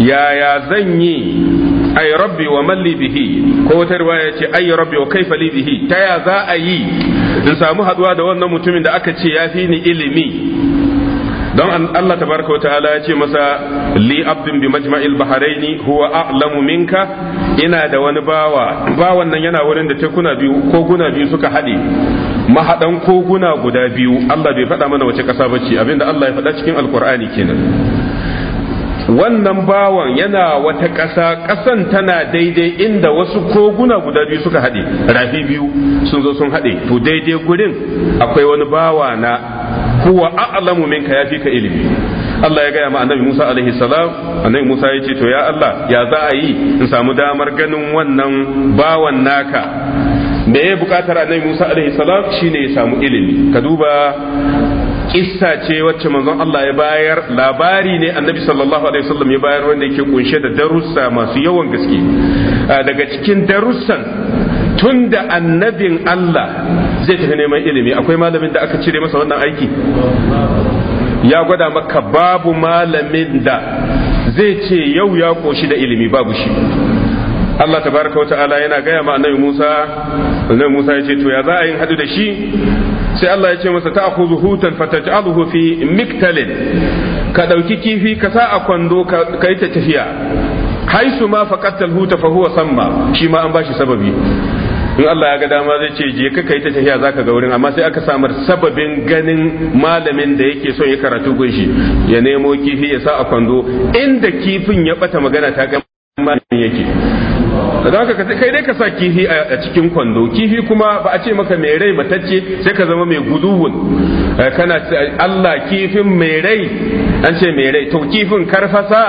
yaya zan yi ay rabbi wa malli bihi ko wata riwaya ce ay rabbi wa kaifa li bihi ta ya za a yi in samu haduwa da wannan mutumin da aka ce ya fi ni ilimi don Allah tabaraka wa ta'ala ya ce masa li abdin bi majma'il Bahraini huwa a'lamu minka ina da wani bawa bawan nan yana wurin da tekuna biyu koguna biyu suka haɗe mahaɗan koguna guda biyu Allah bai faɗa mana wace ƙasa bace abinda Allah ya faɗa cikin alkur'ani kenan wannan bawan yana wata ƙasa ƙasan tana daidai inda wasu koguna guda biyu suka haɗe rafi biyu sun zo sun haɗe to daidai gurin akwai wani bawa na kuwa a'lamu minka ya fi ka ilimi Allah ya gaya ma annabi Musa alaihi salam annabi Musa ya ce to ya Allah ya za a yi in samu damar ganin wannan bawan naka me ya bukatar annabi Musa alaihi salam shine ya samu ilimi ka duba kissa ce wacce manzon Allah ya bayar labari ne annabi sallallahu alaihi wasallam ya bayar wanda yake kunshe da darussa masu yawan gaske daga cikin darussan tun da annabin Allah zai tafi neman ilimi akwai malamin da aka cire masa wannan aiki ya gwada maka babu malamin da zai ce yau ya koshi da ilimi babu shi Allah tabaraka wa ta'ala yana gaya ma annabi Musa annabi Musa ya ce to ya za a yi hadu da shi sai Allah ya ce masa ta'khudhu hutan fataj'aluhu fi miktalin ka dauki kifi ka sa a kwando ka yi ta tafiya haisu ma faqatal huta fa huwa samma shi ma an bashi sababi in Allah ya ga dama zai ce je ka kai ta tafiya zaka ga wurin amma sai aka samar sababin ganin malamin da yake so ya karatu gunshi ya nemo kifi ya sa a kwando inda kifin ya bata magana ta gama. yake da haka kai dai ka sa kifi a cikin kwando kifi kuma ba a ce maka mai rai matacce sai ka zama mai guduwun Eh, kana ce Allah kifin mai rai an ce mai rai to kifin karfasa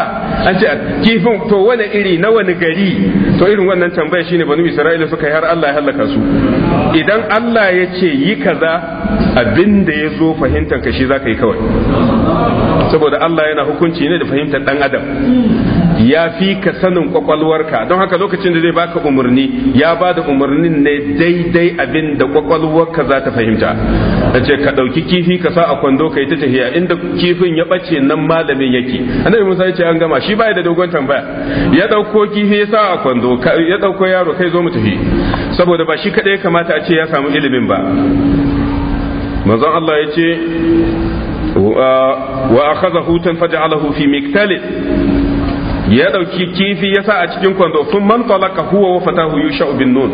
an ce kifin to wani iri na wani gari to irin wannan tambaya shine banu Isra'ila suka yi har Allah ya halaka su idan Allah ya ce yi kaza abin da ya zo fahimtar ka shi zaka yi kawai saboda Allah yana hukunci ne da fahimtar dan adam ya fi ka sanin kwakwalwarka don haka lokacin da zai baka umarni ya bada da umarnin ne daidai abin da kwakwalwarka za ta fahimta ce ka ɗauki kifi ka sa a kwando yi ta tafiya inda kifin ya bace nan malamin yake annabi Musa ya ce an gama shi baya da dogon tambaya ya dauko kifi ya sa a kwando ya dauko yaro kai zo mu tafi saboda ba shi kadai kamata a ce ya samu ilimin ba manzon Allah ya ce wa akhadha hutan faj'alahu fi miktalin ya dauki kifi ya sa a cikin kwando sun man talaka huwa wa fatahu yusha bin nun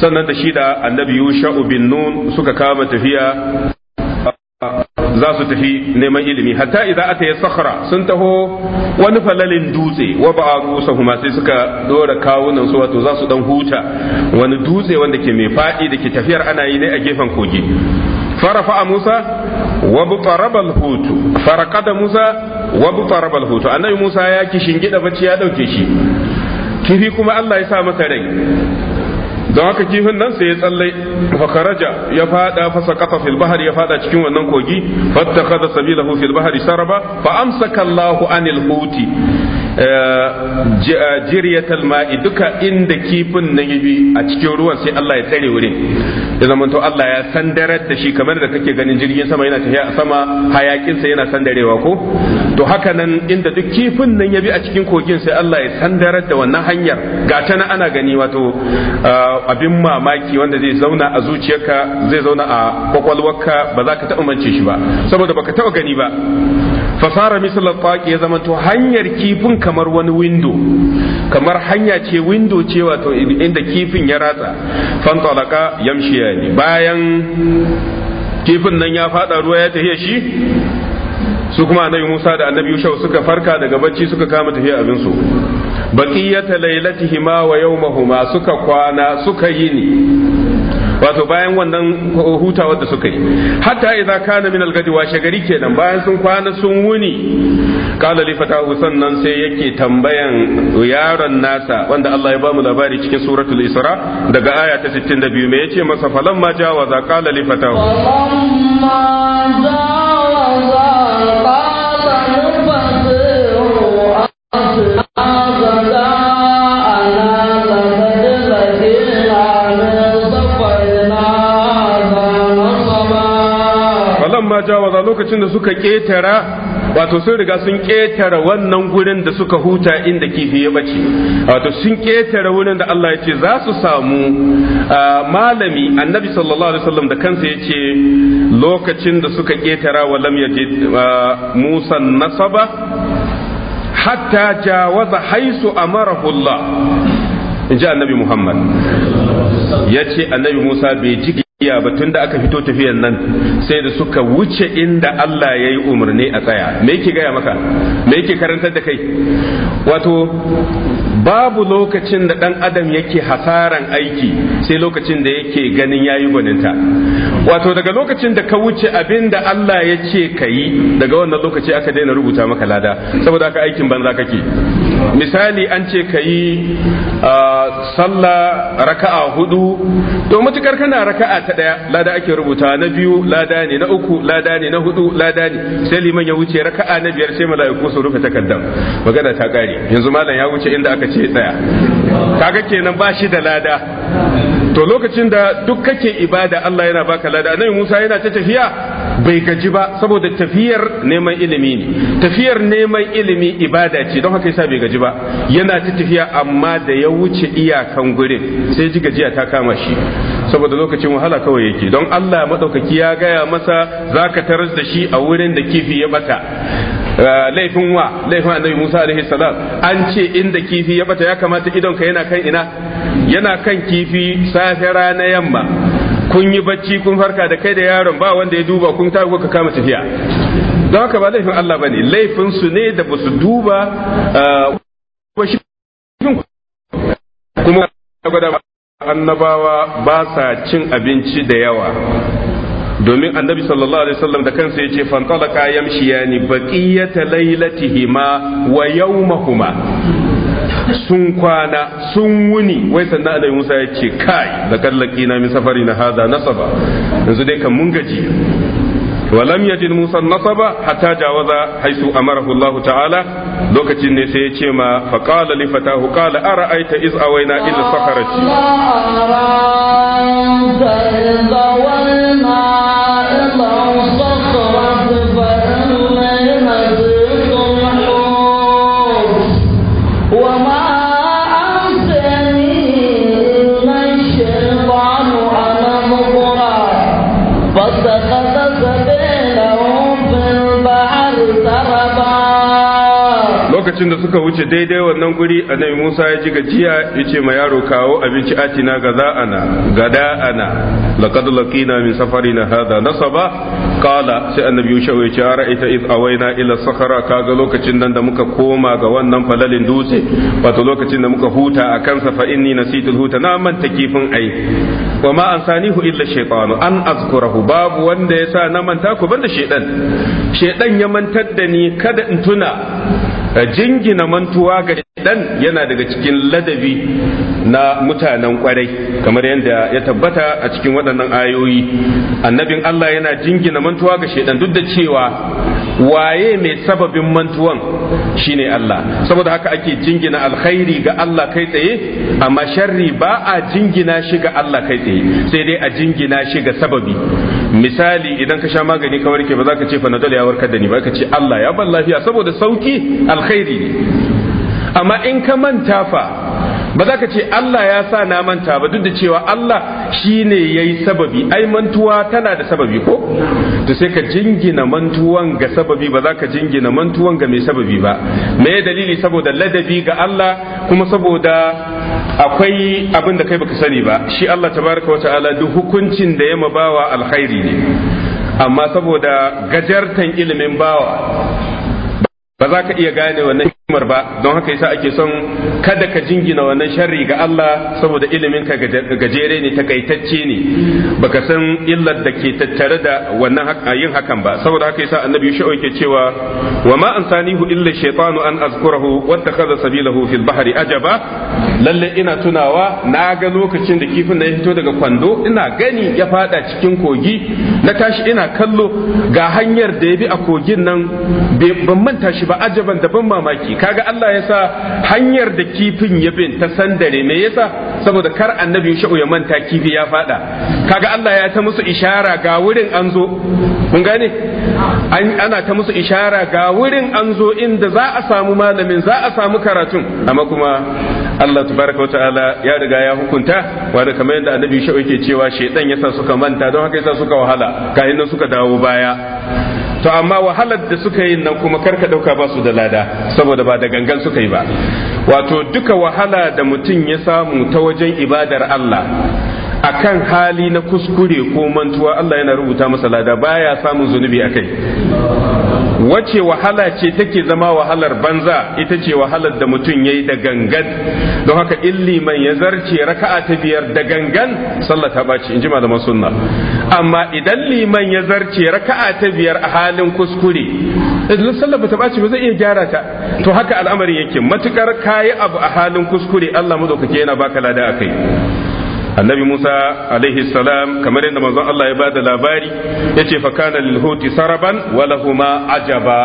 sannan da shi da annabi yusha bin nun suka kama tafiya za su tafi neman ilimi hatta idan aka yi sakhra sun taho wani falalin dutse wa ba kuma sai suka dora kawunan su wato za su dan huta wani dutse wanda ke mai fadi da ke tafiyar ana yi ne a gefen kogi farafa Musa wa butarabal hutu farakada Musa wa butarabal hutu annabi Musa ya kishin gida bacci ya dauke shi kifi kuma Allah ya sa masa rai don haka kifin nan sai ya tsalle fakaraja ya fada fasa kafa fil bahari ya fada cikin wannan kogi fattakhadha sabilahu fil bahari saraba fa amsaka Allahu anil huti Eh, eh, jiriyatal ma'i duka inda kifin nan bi a cikin ruwan sai Allah ya tsare wurin ya zama to Allah ya sandarar da shi kamar da kake ganin jirgin sama yana tafiya a sama hayakinsa yana sandarewa ko to haka nan inda duk kifin nan bi a cikin kogin sai Allah ya sandarar da wannan hanyar ga ta ana gani wato eh, abin mamaki wanda zai zauna a zuciyarka zai zauna a kwakwalwarka ba za ka taɓa mance shi ba saboda baka taɓa gani ba fasara misal tsaki ya zama to hanyar kifin kamar wani windo kamar hanya ce windo ce wato inda kifin ya ratsa yamshi yamshiya ne bayan kifin nan ya fada ruwa ya tafiya shi su kuma annabi Musa da annabi yusha suka farka daga bacci suka kama tafiya abin su baqiyata lailatihima wa yawmahuma suka kwana suka ni. wato bayan wannan hutawar da suka yi hatta idza kana min al-gadi washe gari kenan bayan sun kwana sun wuni qala li fatahu sannan sai yake tambayan yaron nasa wanda Allah ya ba mu labari cikin suratul isra daga aya ta 62 me yace masa falan falamma jawaza qala li fatahu jawaza قال ma jawaza lokacin da suka wato sun riga sun ƙetara wannan gurin da suka huta inda kifi ya bace wato sun ƙetara wurin da Allah ya ce za su samu malami annabi sallallahu alaihi wasallam da kansa ya ce lokacin da suka ƙetara wa lam Musa nasaba hatta jawaza haisu mara hulla in ji annabi Muhammad ya ce annabi Musa bai ji iya batun da aka fito tafiyan nan sai da suka wuce inda Allah ya yi umarni a tsaya me yake gaya maka me yake karantar da kai wato babu lokacin da ɗan adam yake hasaran aiki sai lokacin da yake ganin yayi gwaninta wato daga lokacin da ka wuce abin da Allah ya ce ka yi daga wannan lokaci aka daina rubuta maka lada saboda aka aikin banza kake misali an ce ka yi sallah raka'a hudu to matukar kana raka'a ta daya lada ake rubuta na biyu lada ne na uku lada ne na hudu lada ne sai liman ya wuce raka'a na biyar sai mala'iku su rufe takardar magana ta kare yanzu malam ya wuce inda aka ce daya kaga kenan ba shi da lada to lokacin da duk kake ibada Allah yana baka lada annabi Musa yana ta tafiya bai gaji ba saboda tafiyar neman ilimi ne tafiyar neman ilimi ibada ce don haka yasa bai gaji ba yana ta tafiya amma da ya wuce iyakan gurin sai ji gajiya ta kama shi saboda lokacin wahala kawai yake don Allah madaukaki ya gaya masa zaka tarar da shi a wurin da kifi ya bata eh, laifin wa laifin annabi Musa alaihi salam an ce inda kifi ya bata ya kamata idon ka yana kan ina yana kan kifi safe rana yamma kun yi bacci kun farka da kai da yaron ba wanda ya duba kun tafi ka kama tafiya don haka ba laifin Allah bane laifin su ne da ba su duba uh, kuma annabawa ba sa cin abinci da yawa domin annabi sallallahu alaihi wasallam da kansa yace fantalaka yamshiyani baqiyata lailatihima wa yawmahuma sun kwana sun wuni wai sanda da Musa yace ce kai da kallaki na safari na haza nasaba yanzu dai kan mun gaji walam yajid Musa nasaba hatta jawaza haisu amarahu Allah ta'ala lokacin ne sai yace ce ma fa qala li fatahu qala ara'aita iz awayna ila sahrati Allah ma'a lokacin da suka wuce daidai wannan guri annabi Musa ya ji gajiya ya ce ma yaro kawo abinci atina gaza'ana daana laqad laqina min safarina hadha nasaba qala sai annabi Yusha ya ce ra'aita id awaina ila sakhara kaga lokacin nan da muka koma ga wannan falalin dutse wato lokacin da muka huta a kansa fa inni nasitul huta na manta kifin ai wa ma ansanihu illa shaytanu an azkurahu babu wanda yasa na manta ku banda shedan shedan ya mantar da ni kada in tuna jingina mantuwa ga dan yana daga cikin ladabi na mutanen kwarai kamar yadda ya tabbata a cikin waɗannan ayoyi annabin Allah yana jingina mantuwa ga shedan duk da cewa waye mai sababin mantuwan shine Allah saboda haka ake jingina alkhairi ga Allah kai tsaye amma sharri ba a jingina shi ga Allah kai tsaye sai dai a jingina shi ga sababi misali idan ka sha magani ka warke ba za ka ce fanadol ya warkar da ni ba ka ce Allah ya ban lafiya saboda sauki alkhairi ne amma in ka manta fa ba za ka ce Allah ya sa na manta ba duk da cewa Allah shi ne ya yi sababi ai mantuwa tana da sababi ko to sai ka jingina mantuwan ga sababi ba za ka jingina mantuwan ga mai sababi ba me dalili saboda ladabi ga Allah kuma saboda akwai abin da kai baka sani ba shi Allah tabaraka wata'ala duk hukuncin da ya mabawa alkhairi ne amma saboda gajartan ilimin bawa ba za ka iya gane wannan Umar ba don haka yasa ake son kada ka jingina wannan sharri ga Allah saboda ilimin ka gajere ne takaitacce ne baka san illar da ke tattare da wannan yin hakan ba saboda haka yasa annabi ya yake cewa wa ma ansanihu illa shaytanu an azkurahu wattakhadha sabilahu fil bahri ajaba lalle ina tunawa na ga lokacin da kifin da ya fito daga kwando ina gani ya fada cikin kogi na tashi ina kallo ga hanyar da ya bi a kogin nan ban manta shi ba ajaban da ban mamaki kaga Allah ya sa hanyar da kifin ya bin ta sandare me yasa saboda kar annabi sha'u ya manta kifi ya fada kaga Allah ya ta musu ishara ga wurin an zo kun gane ana ta musu ishara ga wurin an zo inda za a samu malamin za a samu karatun amma kuma Allah tabaraka wataala ya riga ya hukunta wanda kamar yadda annabi sha'u yake cewa shedan yasa suka manta don haka yasa suka wahala kayan suka dawo baya to amma wahalar da suka yi nan kuma karka dauka ba su da lada saboda ba da gangan suka yi ba wato duka wahala da mutum ya samu ta wajen ibadar Allah akan hali na kuskure ko mantuwa Allah yana rubuta masa lada baya samun zunubi akai wace wahala ce take zama wahalar banza ita ce wahalar da mutum ya yi da gangan don haka illi man ya zarce raka'a ta biyar da gangan sallah ta baci in ji malaman sunna amma idan liman ya zarce raka'a ta biyar a halin kuskure idan sallah bata baci ba zai iya gyara ta to haka al'amarin yake matukar kayi abu a halin kuskure Allah madaukake yana baka lada akai annabi Musa alaihi salam kamar yadda manzon Allah ya bada labari yace fa kana lil saraban wa ajaba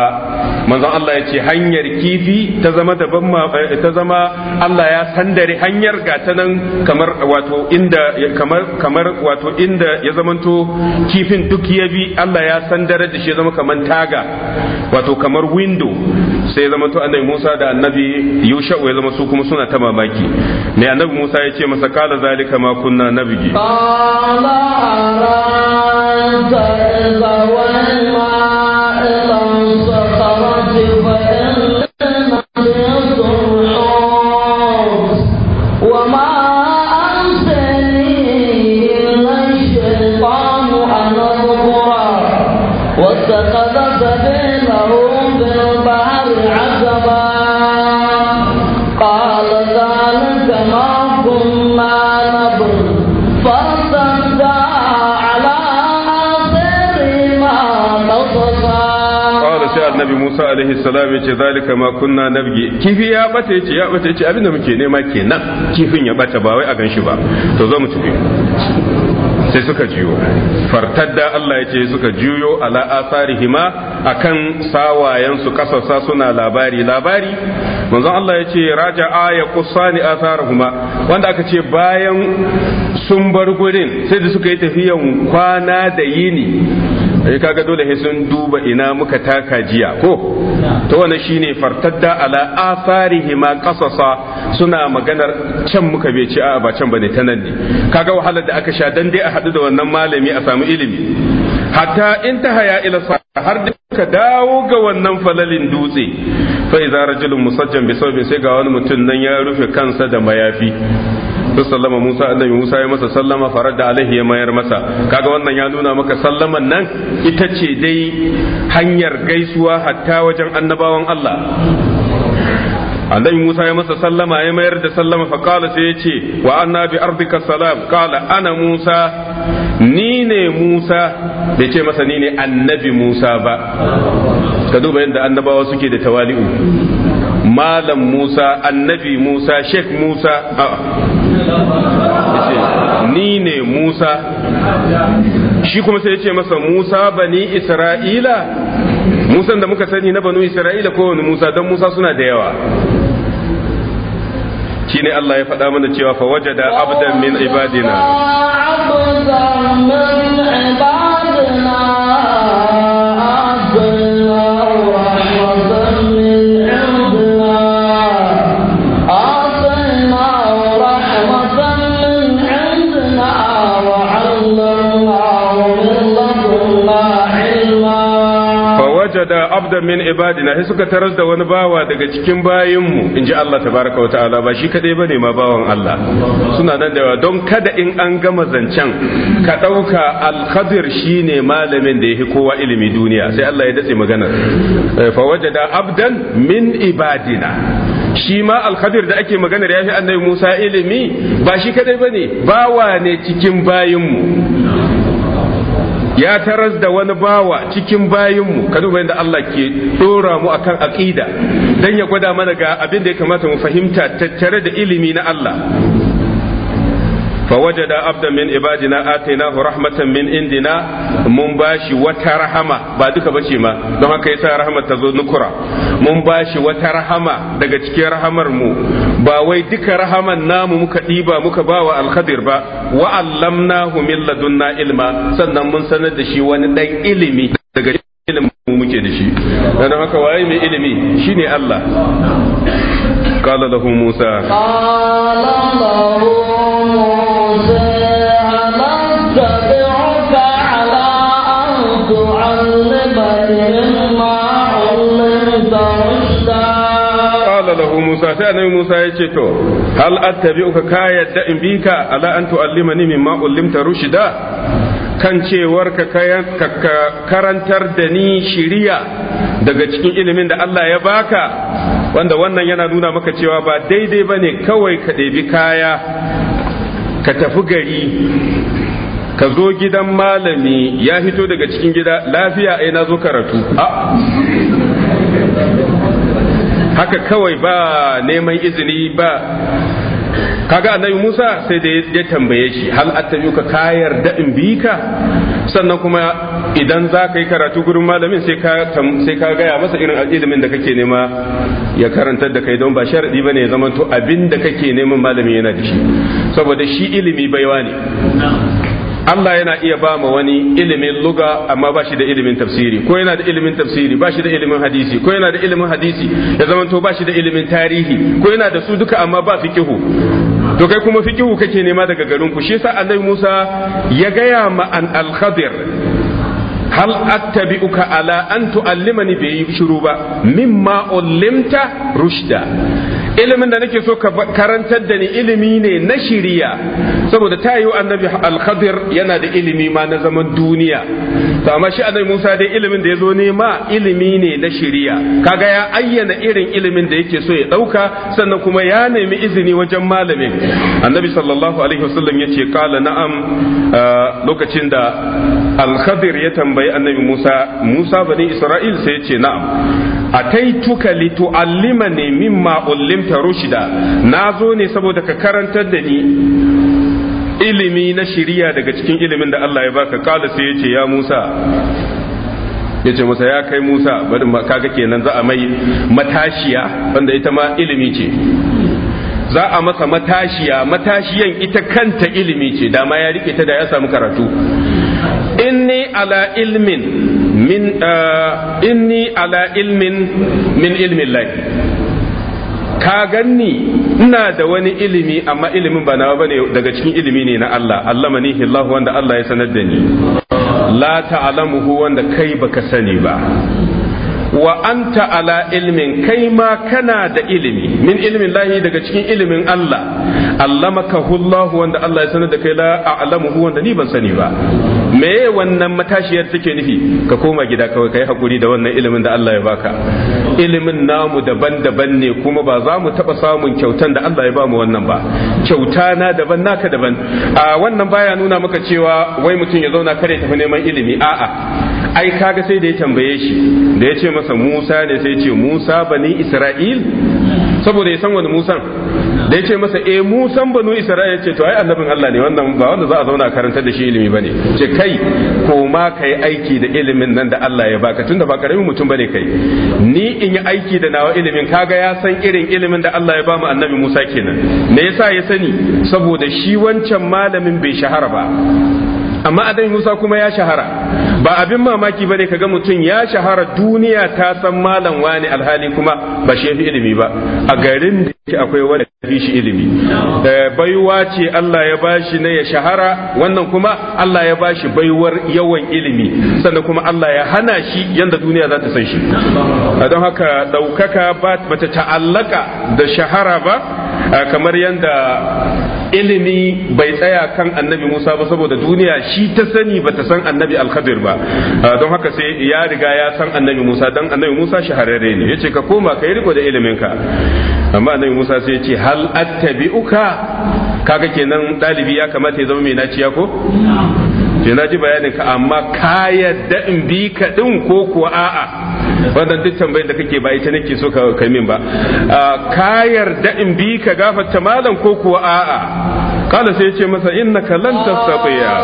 manzon Allah ya ce hanyar kifi ta zama daban eh, ta zama Allah ya sandare hanyar ga nan kamar wato inda kamar kamar wato inda ya zamanto kifin duk ya bi Allah ya sandare da shi zama kamar taga wato kamar window sai ya zama to annabi Musa da annabi Yusha ya zama su kuma suna ta mamaki me annabi Musa ya ce masa kala zalika ma kunna nabigi qala aranta zawal ma Musa alaihi salam ce zalika ma kunna nabgi kifi ya ya ce ya bata ce abinda muke nema kenan kifin ya bace ba wai a ganshi ba to zo mu tafi sai suka jiyo fartadda Allah ya ce suka jiyo ala asarihima akan sawayen su kasasa suna labari labari manzon Allah ya yace raja'a ya qussani atharahuma wanda aka ce bayan sun bar gurin sai da suka yi tafiyan kwana da yini ai kaga dole sai sun duba ina muka taka jiya ko to wannan shine fartadda ala asarihi ma qasasa suna maganar can muka bai ci a ba can bane ta ne kaga wahalar da aka sha dan dai a hadu da wannan malami a samu ilimi hatta intaha ya ila har ka dawo ga wannan falalin dutse fa idza rajulun musajjan bi sawbin sai ga wani mutum nan ya rufe kansa da mayafi sallama Musa annabi Musa ya masa sallama farar da alaihi ya mayar masa kaga wannan ya nuna maka sallaman nan ita ce dai hanyar gaisuwa hatta wajen annabawan Allah annabi Musa ya masa sallama ya mayar da sallama fa qala sai yace wa annabi bi ardika salam qala ana Musa ni ne Musa bai ce masa ni ne annabi Musa ba ka duba yadda annabawa suke da tawali'u malam Musa annabi Musa sheikh Musa ni ne Musa shi kuma sai ya ce masa Musa bani Isra'ila Musan da muka sani na banu Isra'ila kowane Musa don Musa suna da yawa shi ne Allah ya faɗa mana cewa fa wajada da abdan min ibadina da abdan min ibadina sai suka taras da wani bawa daga cikin bayinmu in ji Allah tabaraka wa ta'ala ba shi kadai bane ma bawan Allah suna nan da don kada in an gama zancen ka dauka al-khadir shine malamin da yake kowa ilimi duniya sai Allah ya datse magana eh, fa wajada abdan min ibadina shi ma al-khadir da ake maganar ya fi annabi Musa ilimi ba shi kadai bane bawa ne cikin bayinmu ya taras da wani bawa cikin bayinmu ka duba yadda Allah ke dora mu akan aƙida, dan ya gwada mana ga abin da ya kamata mu fahimta tattare da ilimi na Allah فوجد عبدا من عبادنا آتيناه رحمة من عندنا من باشي ba duka bace ma don haka yasa rahama ta zo nukura mun bashi wata rahama daga cikin rahamar mu ba wai duka rahaman namu muka ɗiba muka bawa alkhadir ba wa allamnahu min ladunna ilma sannan mun sanar da shi wani dan ilimi daga ilimin mu muke da shi don haka waye mai ilimi shine Allah qala lahu musa qala lahu Musa sai annabi Musa ya ce to hal attabi'uka ka yadda in bi ka ala an tu'allimani mimma ullimta rushida kan cewar ka karantar da ni shiriya daga cikin ilimin da Allah ya baka wanda wannan yana nuna maka cewa ba daidai bane kawai ka ɗebi kaya ka tafi gari ka zo gidan malami ya fito daga cikin gida lafiya ai eh, na zo karatu haka kawai ba neman izini ba kaga annabi Musa sai da ya tambaye shi hal attabiuka ka da in bi ka sannan kuma idan za ka yi karatu gurin malamin sai ka gaya masa irin ilimin da kake nema ya karanta da kai don ba sharadi bane ya zama to abin da kake neman malamin yana da shi saboda shi ilimi baiwa ne Allah yana iya ba ma wani ilimin luga amma ba shi da ilimin tafsiri ko yana da ilimin tafsiri ba shi da ilimin hadisi ko yana da ilimin hadisi ya zamanto ba shi da ilimin tarihi ko yana da su duka amma ba fiqihu to kai kuma fiqihu kake nema daga garin ku shi yasa Allah Musa ya gaya ma an al-Khadir hal attabi'uka ala an tu'allimani bai yi shiru ba mimma ullimta rushda ilimin da nake so ka karantar da ni ilimi ne na shiriya saboda ta yi annabi al yana da ilimi ma na zaman duniya to amma shi annabi Musa dai ilimin da ya zo ma ilimi ne na shiriya kaga ya ayyana irin ilimin da yake so ya dauka sannan kuma ya nemi izini wajen malamin annabi sallallahu alaihi wasallam yace kala na'am uh, lokacin da al ya tambaye tambayi annabi Musa Musa bani Isra'il sai ya ce na'am ataituka litu'allimani mimma ullimta rushida nazo ne saboda ka karantar da ni ilimi na shiriya daga cikin ilimin da Allah ya baka kala sai ya ce ya Musa ya ce masa ya kai Musa bari kaga kenan za a mai matashiya wanda ita ma ilimi ce za a masa matashiya matashiyan ita kanta ilimi ce dama ya rike ta da ya samu karatu inni ala ilmin min uh, inni ala ilmin min ilmin ka ganni ina da wani ilimi amma ilimin ba nawa bane daga cikin ilimi ne na Allah manihi Allah wanda Allah ya sanar da ni la ta'lamuhu wanda kai baka sani ba wa anta ala ilmin kai ma kana da ilimi min ilmin lahi daga cikin ilimin Allah allamaka hullahu wanda Allah ya sanar da kai la a'lamuhu wanda ni ban sani ba me wannan matashiyar take nufi ka koma gida kawai kai hakuri da wannan ilimin da Allah ya baka ilimin namu daban-daban ne kuma ba za mu taba samun kyautan da Allah ya ba mu wannan ba kyauta na daban naka daban a wannan baya nuna maka cewa wai mutum ya zauna kare tafi neman ilimi a'a ai kaga sai da ya tambaye shi da ya ce masa Musa ne sai ce Musa bani Isra'il saboda ya san wani Musan da ya ce masa eh Musan banu Isra'il ce to ai annabin Allah ne wannan ba wanda za a zauna karanta da shi ilimi bane ce kai ko ma kai aiki da ilimin nan da Allah ya baka tunda ba karamin mutum bane kai ni in yi aiki da nawa ilimin kaga ya san irin ilimin da Allah ya ba mu annabi Musa kenan me yasa ya sani saboda shi wancan malamin bai shahara ba amma adai Musa kuma ya shahara ba abin mamaki bane kaga mutum ya shahara duniya ta san malam wani alhali kuma ba shi yafi ilimi ba a garin da yake akwai ya fi shi ilimi baiwa ce Allah ya bashi na ya shahara wannan kuma Allah ya bashi baiwar yawan ilimi sannan kuma Allah ya hana shi yanda duniya za ta san shi don haka daukaka ba ta ta'allaka da shahara ba kamar yanda ilimi bai tsaya kan annabi Musa ba saboda duniya shi ta sani ba ta san annabi Alkhadir ba Ah, don haka sai ya riga ya san annabi Musa dan annabi Musa shahararre ne yace ka koma kai riko da ilimin ka amma annabi Musa sai yace hal attabi'uka kaga kenan dalibi ya kamata ya zama mai naciya ko Ke na ji bayanin ka amma ka yadda in bi ka din ko kuwa a'a wannan duk tambayar da kake ba ita nake so ka min ba ah, ka yarda in bi ka gafarta malam ko kuwa a'a kala sai ya ce masa innaka lan tastatiya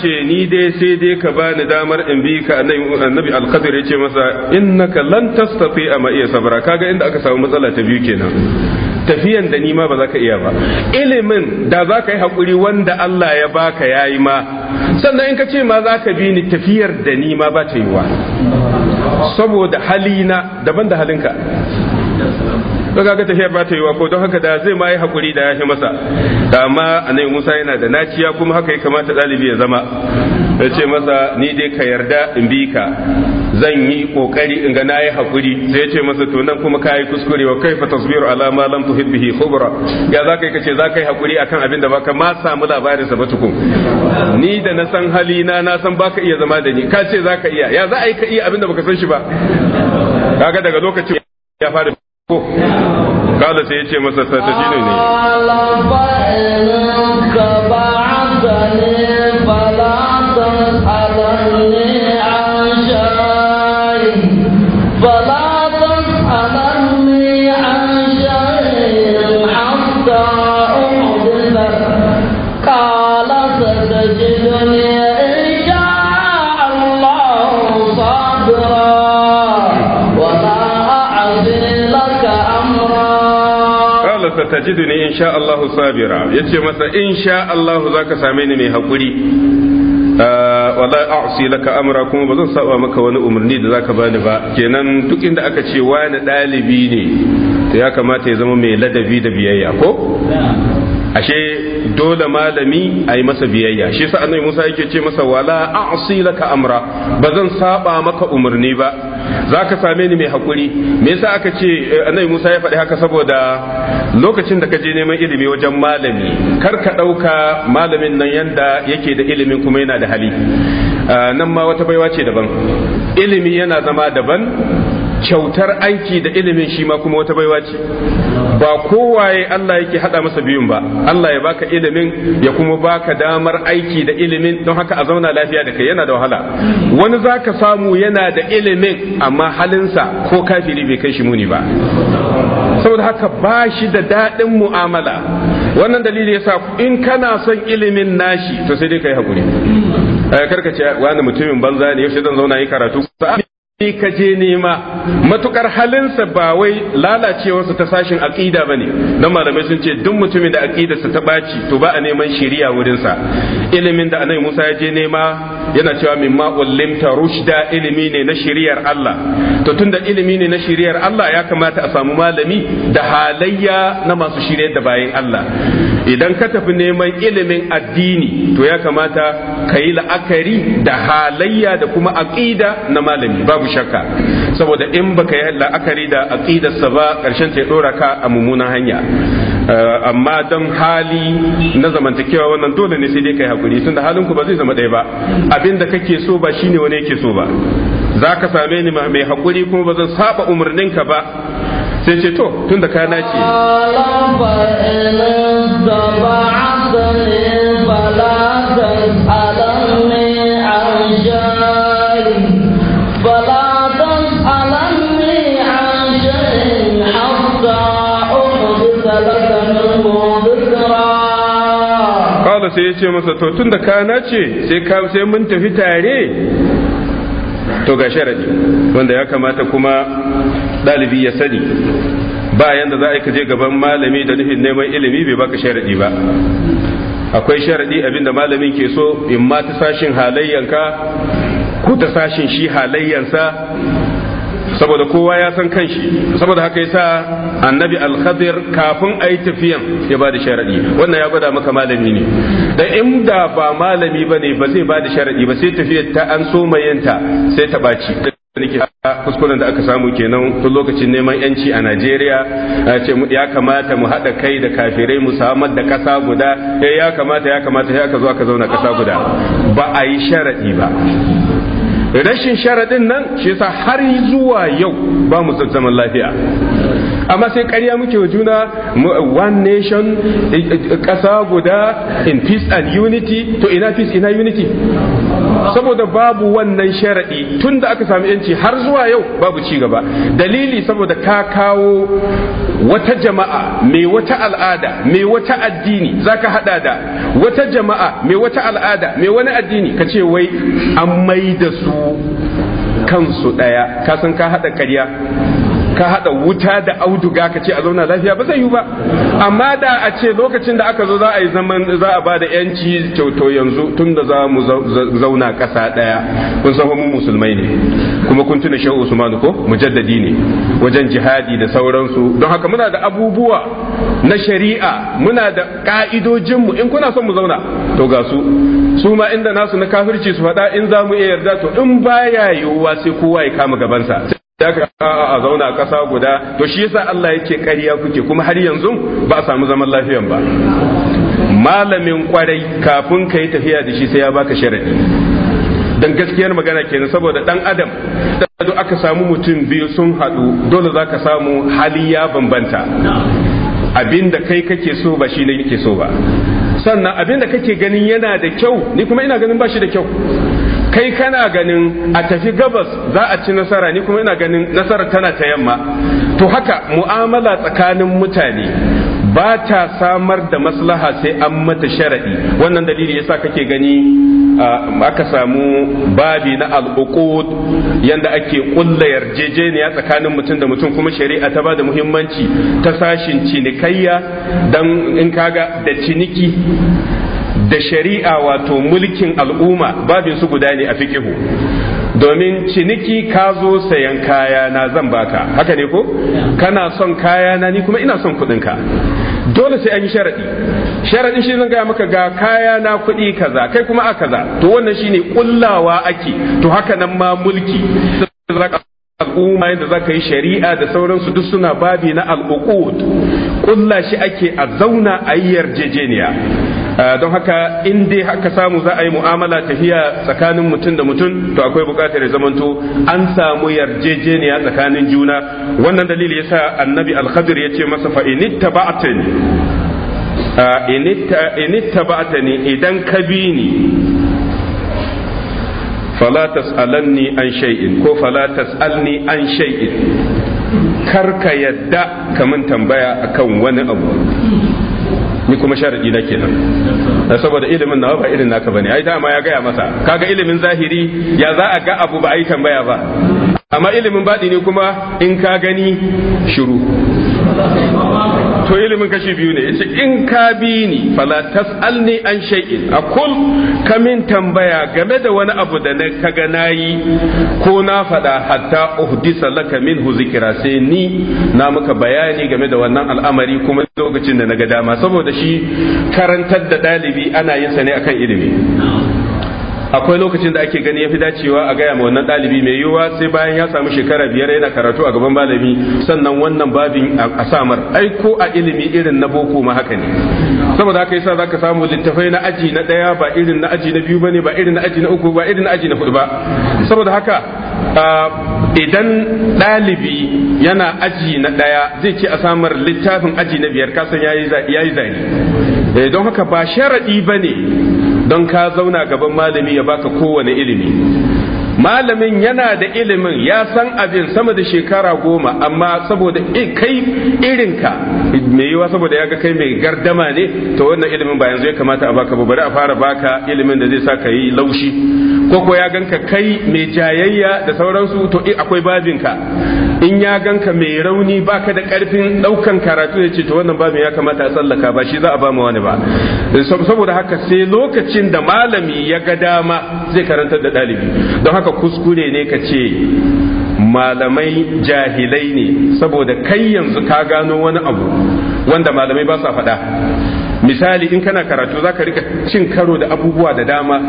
ce ni dai sai dai ka bani damar in bi ka annabi alkadir ya ce masa innaka lan tastati a ma iya sabra kaga inda aka samu matsala ta biyu kenan tafiyan da nima ba za ka iya ba ilimin da za ka yi haƙuri wanda Allah ya baka yayi ma sannan in ka ce ma za ka bi ni tafiyar da nima ba ta wa. saboda halina daban da halinka daga ga tafiyar ba ta wa ko don haka da zai ma yi haƙuri da ya shi masa da amma annabi Musa yana da naciya kuma haka ya kamata ɗalibi ya zama ya ce masa ni dai ka yarda in bi ka zan yi kokari in ga nayi hakuri sai ya ce masa to nan kuma kai kuskure wa kaifa tasbiru ala ma lam tuhid bihi khubra ya zaka kace zaka yi hakuri akan abin da baka ma samu labarin sa ba tukun ni da na san halina na san baka iya zama da ni ka ce zaka iya ya za a yi ka iya abin da baka san shi ba kaga daga lokacin ya fara ko kala sai ya ce masa sarta ne masa tajidu ne insha Allah sabira yace masa insha Allah zaka same ni mai hakuri ah, wala a'si laka amra kuma bazan saba maka wani umarni da zaka bani ba kenan duk inda aka ce wani ɗalibi ne to ya kamata ya zama mai ladabi da biyayya ko ashe dole malami a yi masa biyayya shi sa annabi Musa yake ce masa wala a'si laka amra bazan saba maka umarni ba za ka same ni mai hakuri me yasa aka ce eh, annabi Musa ya faɗi haka saboda lokacin da ka je neman ilimi wajen malami kar ka ɗauka malamin nan yanda yake da ilimin kuma yana da hali ah, nan ma wata baiwa ce daban ilimi yana zama daban kyautar aiki da ilimin shi ma kuma wata baiwa ce ba kowaye Allah yake hada masa biyun ba Allah ya baka ilimin ya kuma baka damar aiki da ilimin don haka a zauna lafiya da kai yana da wahala wani zaka samu yana da ilimin amma halinsa ko kafiri bai kai shi muni ba saboda haka ba shi da daɗin mu'amala wannan dalili yasa in kana son ilimin nashi to sai dai kai hakuri eh, karka ce wani mutumin banza ne yaushe zan zauna yi karatu Ni ka je nema matukar halinsa ba wai lalacewarsa ta sashin aƙida ba ne don malamai sun ce duk mutumin da sa ta ɓaci to ba a neman shiriya wurinsa ilimin da anai musa ya je nema yana cewa min ma'ullimta rushda ilimi ne na shiriyar Allah to tunda ilimi ne na shiriyar Allah ya kamata a samu malami da halayya na masu shiryar da bayan Allah idan ka tafi neman ilimin addini to ya kamata ka yi la'akari da halayya da kuma aƙida na malami babu babu shakka saboda in baka yi la'akari da sa ba karshen ta dora ka a mummunan hanya eh, amma don hali na zamantakewa wannan dole ne sai dai kai hakuri tunda halin ku ba zai zama ɗaya ba abin da kake so ba shine wani yake so ba za ka same ni mai hakuri kuma ba zan saba ka ba sai ce to tunda ka nace kala sai ya ce masa to tun da kana ce sai mun tafi tare to ga sharadi wanda ya kamata kuma dalibi ya sani ba yanda za a je gaban malami da nufin neman ilimi bai baka sharadi ba akwai sharadi abinda malamin ke so in ma ta sashin halayyanka ko ta sashin shi halayyansa saboda kowa ya san kanshi saboda haka yasa annabi al-khadir kafin ayi tafiyan ya bada sharadi wannan ya gwada maka malami ne da in da ba malami ne ba zai bada sharadi ba sai tafiyar ta an so mayanta sai ta baci nake kuskuren da aka samu kenan tun lokacin neman yanci a Najeriya ce ya kamata mu haɗa kai da kafirai mu samar da ƙasa guda eh, ya kamata ya kamata ya ka zo aka zauna ƙasa guda ba a yi sharaɗi ba rashin sharaɗin nan shi yasa har zuwa yau ba mu zaman lafiya amma sai ƙarya muke wa juna one nation eh, eh, eh, ƙasa guda in peace and unity to ina peace ina unity saboda babu wannan sharaɗi tun da aka sami yanci har zuwa yau babu ci gaba dalili saboda ka kawo wata jama'a mai wata al'ada mai wata addini zaka hada da wata jama'a mai wata al'ada mai wani addini ka ce wai an mai da su kansu ɗaya ka san ka haɗa ƙarya ka haɗa wuta da auduga ka ce a zauna lafiya ba zai yi ba amma da a ce lokacin da aka zo za a yi zaman za a ba da yanci kyauto yanzu tun da za mu zauna ƙasa ɗaya kun san mu musulmai ne kuma kun tuna shehu usman ko mujaddadi ne wajen jihadi da sauransu don haka muna da abubuwa na shari'a muna da ƙa'idojinmu in kuna son mu zauna to ga su su ma inda nasu na kafirci su faɗa in za mu iya yarda to in baya yiwuwa sai kowa ya kama gabansa da ka a zauna a ƙasa guda to shi yasa Allah yake ƙarya kuke kuma har yanzu ba a samu zaman lafiyan ba malamin kwarai kafin ka yi tafiya da shi sai ya baka sharadi dan gaskiyar magana kenan saboda dan adam da aka samu mutum biyu sun haɗu dole za ka samu hali ya bambanta Abin da kai kake so ba shi ne yake so ba sannan abin abinda kake ganin yana da kyau ni kuma ina ganin ba shi da kyau kai kana ganin a tafi gabas za a ci nasara ni kuma ina ganin nasara tana ta yamma to haka mu'amala tsakanin mutane ba ta samar da maslaha sai an mata shara'i wannan dalili yasa kake gani aka samu babi na al'uqud yanda ake ƙulla yarjejeniya tsakanin mutum da mutum kuma shari'a ta ba da muhimmanci ta sashin cinikayya don in kaga da ciniki da shari'a wato mulkin al'umma babin su guda ne a fikihu domin ciniki ka zo sayan kaya na zan baka haka ne ko kana son kaya na ni kuma ina son ka. dole sai an yi sharaɗi sharadin shi zan gaya maka ga kaya na kuɗi kaza kai kuma a kaza to wannan shine kullawa ake to haka nan ma mulki al'umma yadda za ka yi shari'a da sauransu duk suna babi na al'uqud kulla shi ake a zauna a yi yarjejeniya Ah, don haka in dai haka samu za a yi mu'amala tafiya tsakanin mutum da mutum to akwai bukatar ya zamanto an samu yarjejeniya tsakanin juna wannan dalili yasa annabi al ya ce masa fa inittaba'tani ah, inittaba'tani idan ka bi ni fala tas'alanni an shay'in ko fala tas'alni an shay'in karka yadda kamun tambaya akan wani abu ni kuma sharadi na kenan saboda ilimin nawa ba irin naka bane ai dama ya gaya masa kaga ilimin zahiri ya za a ga abu ba a yi tambaya ba amma ilimin baɗi ne kuma in ka gani shiru to ilimin kashi biyu ne yace in ka bi ni fala tasalni an shay'in akul kamin tambaya game da wani abu da na kaga nayi ko na faɗa hatta uhdisa laka minhu zikra sai ni na maka bayani game da wannan al'amari kuma lokacin da na ga dama saboda shi karantar da ɗalibi ana yin sa ne akan ilimi akwai lokacin da ake gani ya fi dacewa a gaya ma wannan ɗalibi mai yiwuwa sai bayan ya samu shekara biyar yana karatu a gaban malami sannan wannan babin a samar ai a ilimi irin na boko ma haka ne saboda haka yasa zaka samu littafai na aji na ɗaya ba irin na aji na biyu bane ba irin na aji na uku ba irin na aji na hudu ba saboda haka idan ɗalibi yana aji na ɗaya zai ce a samar littafin aji na biyar kasan yayi zani eh, don haka ba sharaɗi ba ne don ka zauna gaban malami ya baka kowane ilimi malamin yana da ilimin ya san abin sama da shekara goma amma saboda kai irinka mai yiwa saboda ya ga kai mai gardama ne to wannan ilimin ba yanzu ya kamata a baka ba bari a fara baka ilimin da zai sa ka yi laushi ko ko ya ganka kai mai jayayya da sauransu to in akwai ka in ya ganka mai rauni baka da karfin daukan karatu ya ce to wannan babin ya kamata a tsallaka ba shi za a ba mu wani ba saboda haka sai lokacin da malami ya ga dama zai karantar da ɗalibi don haka kuskure ne ka ce malamai jahilai ne saboda kai yanzu ka gano wani abu wanda malamai ba sa faɗa misali in kana karatu zaka rika cin karo da abubuwa da dama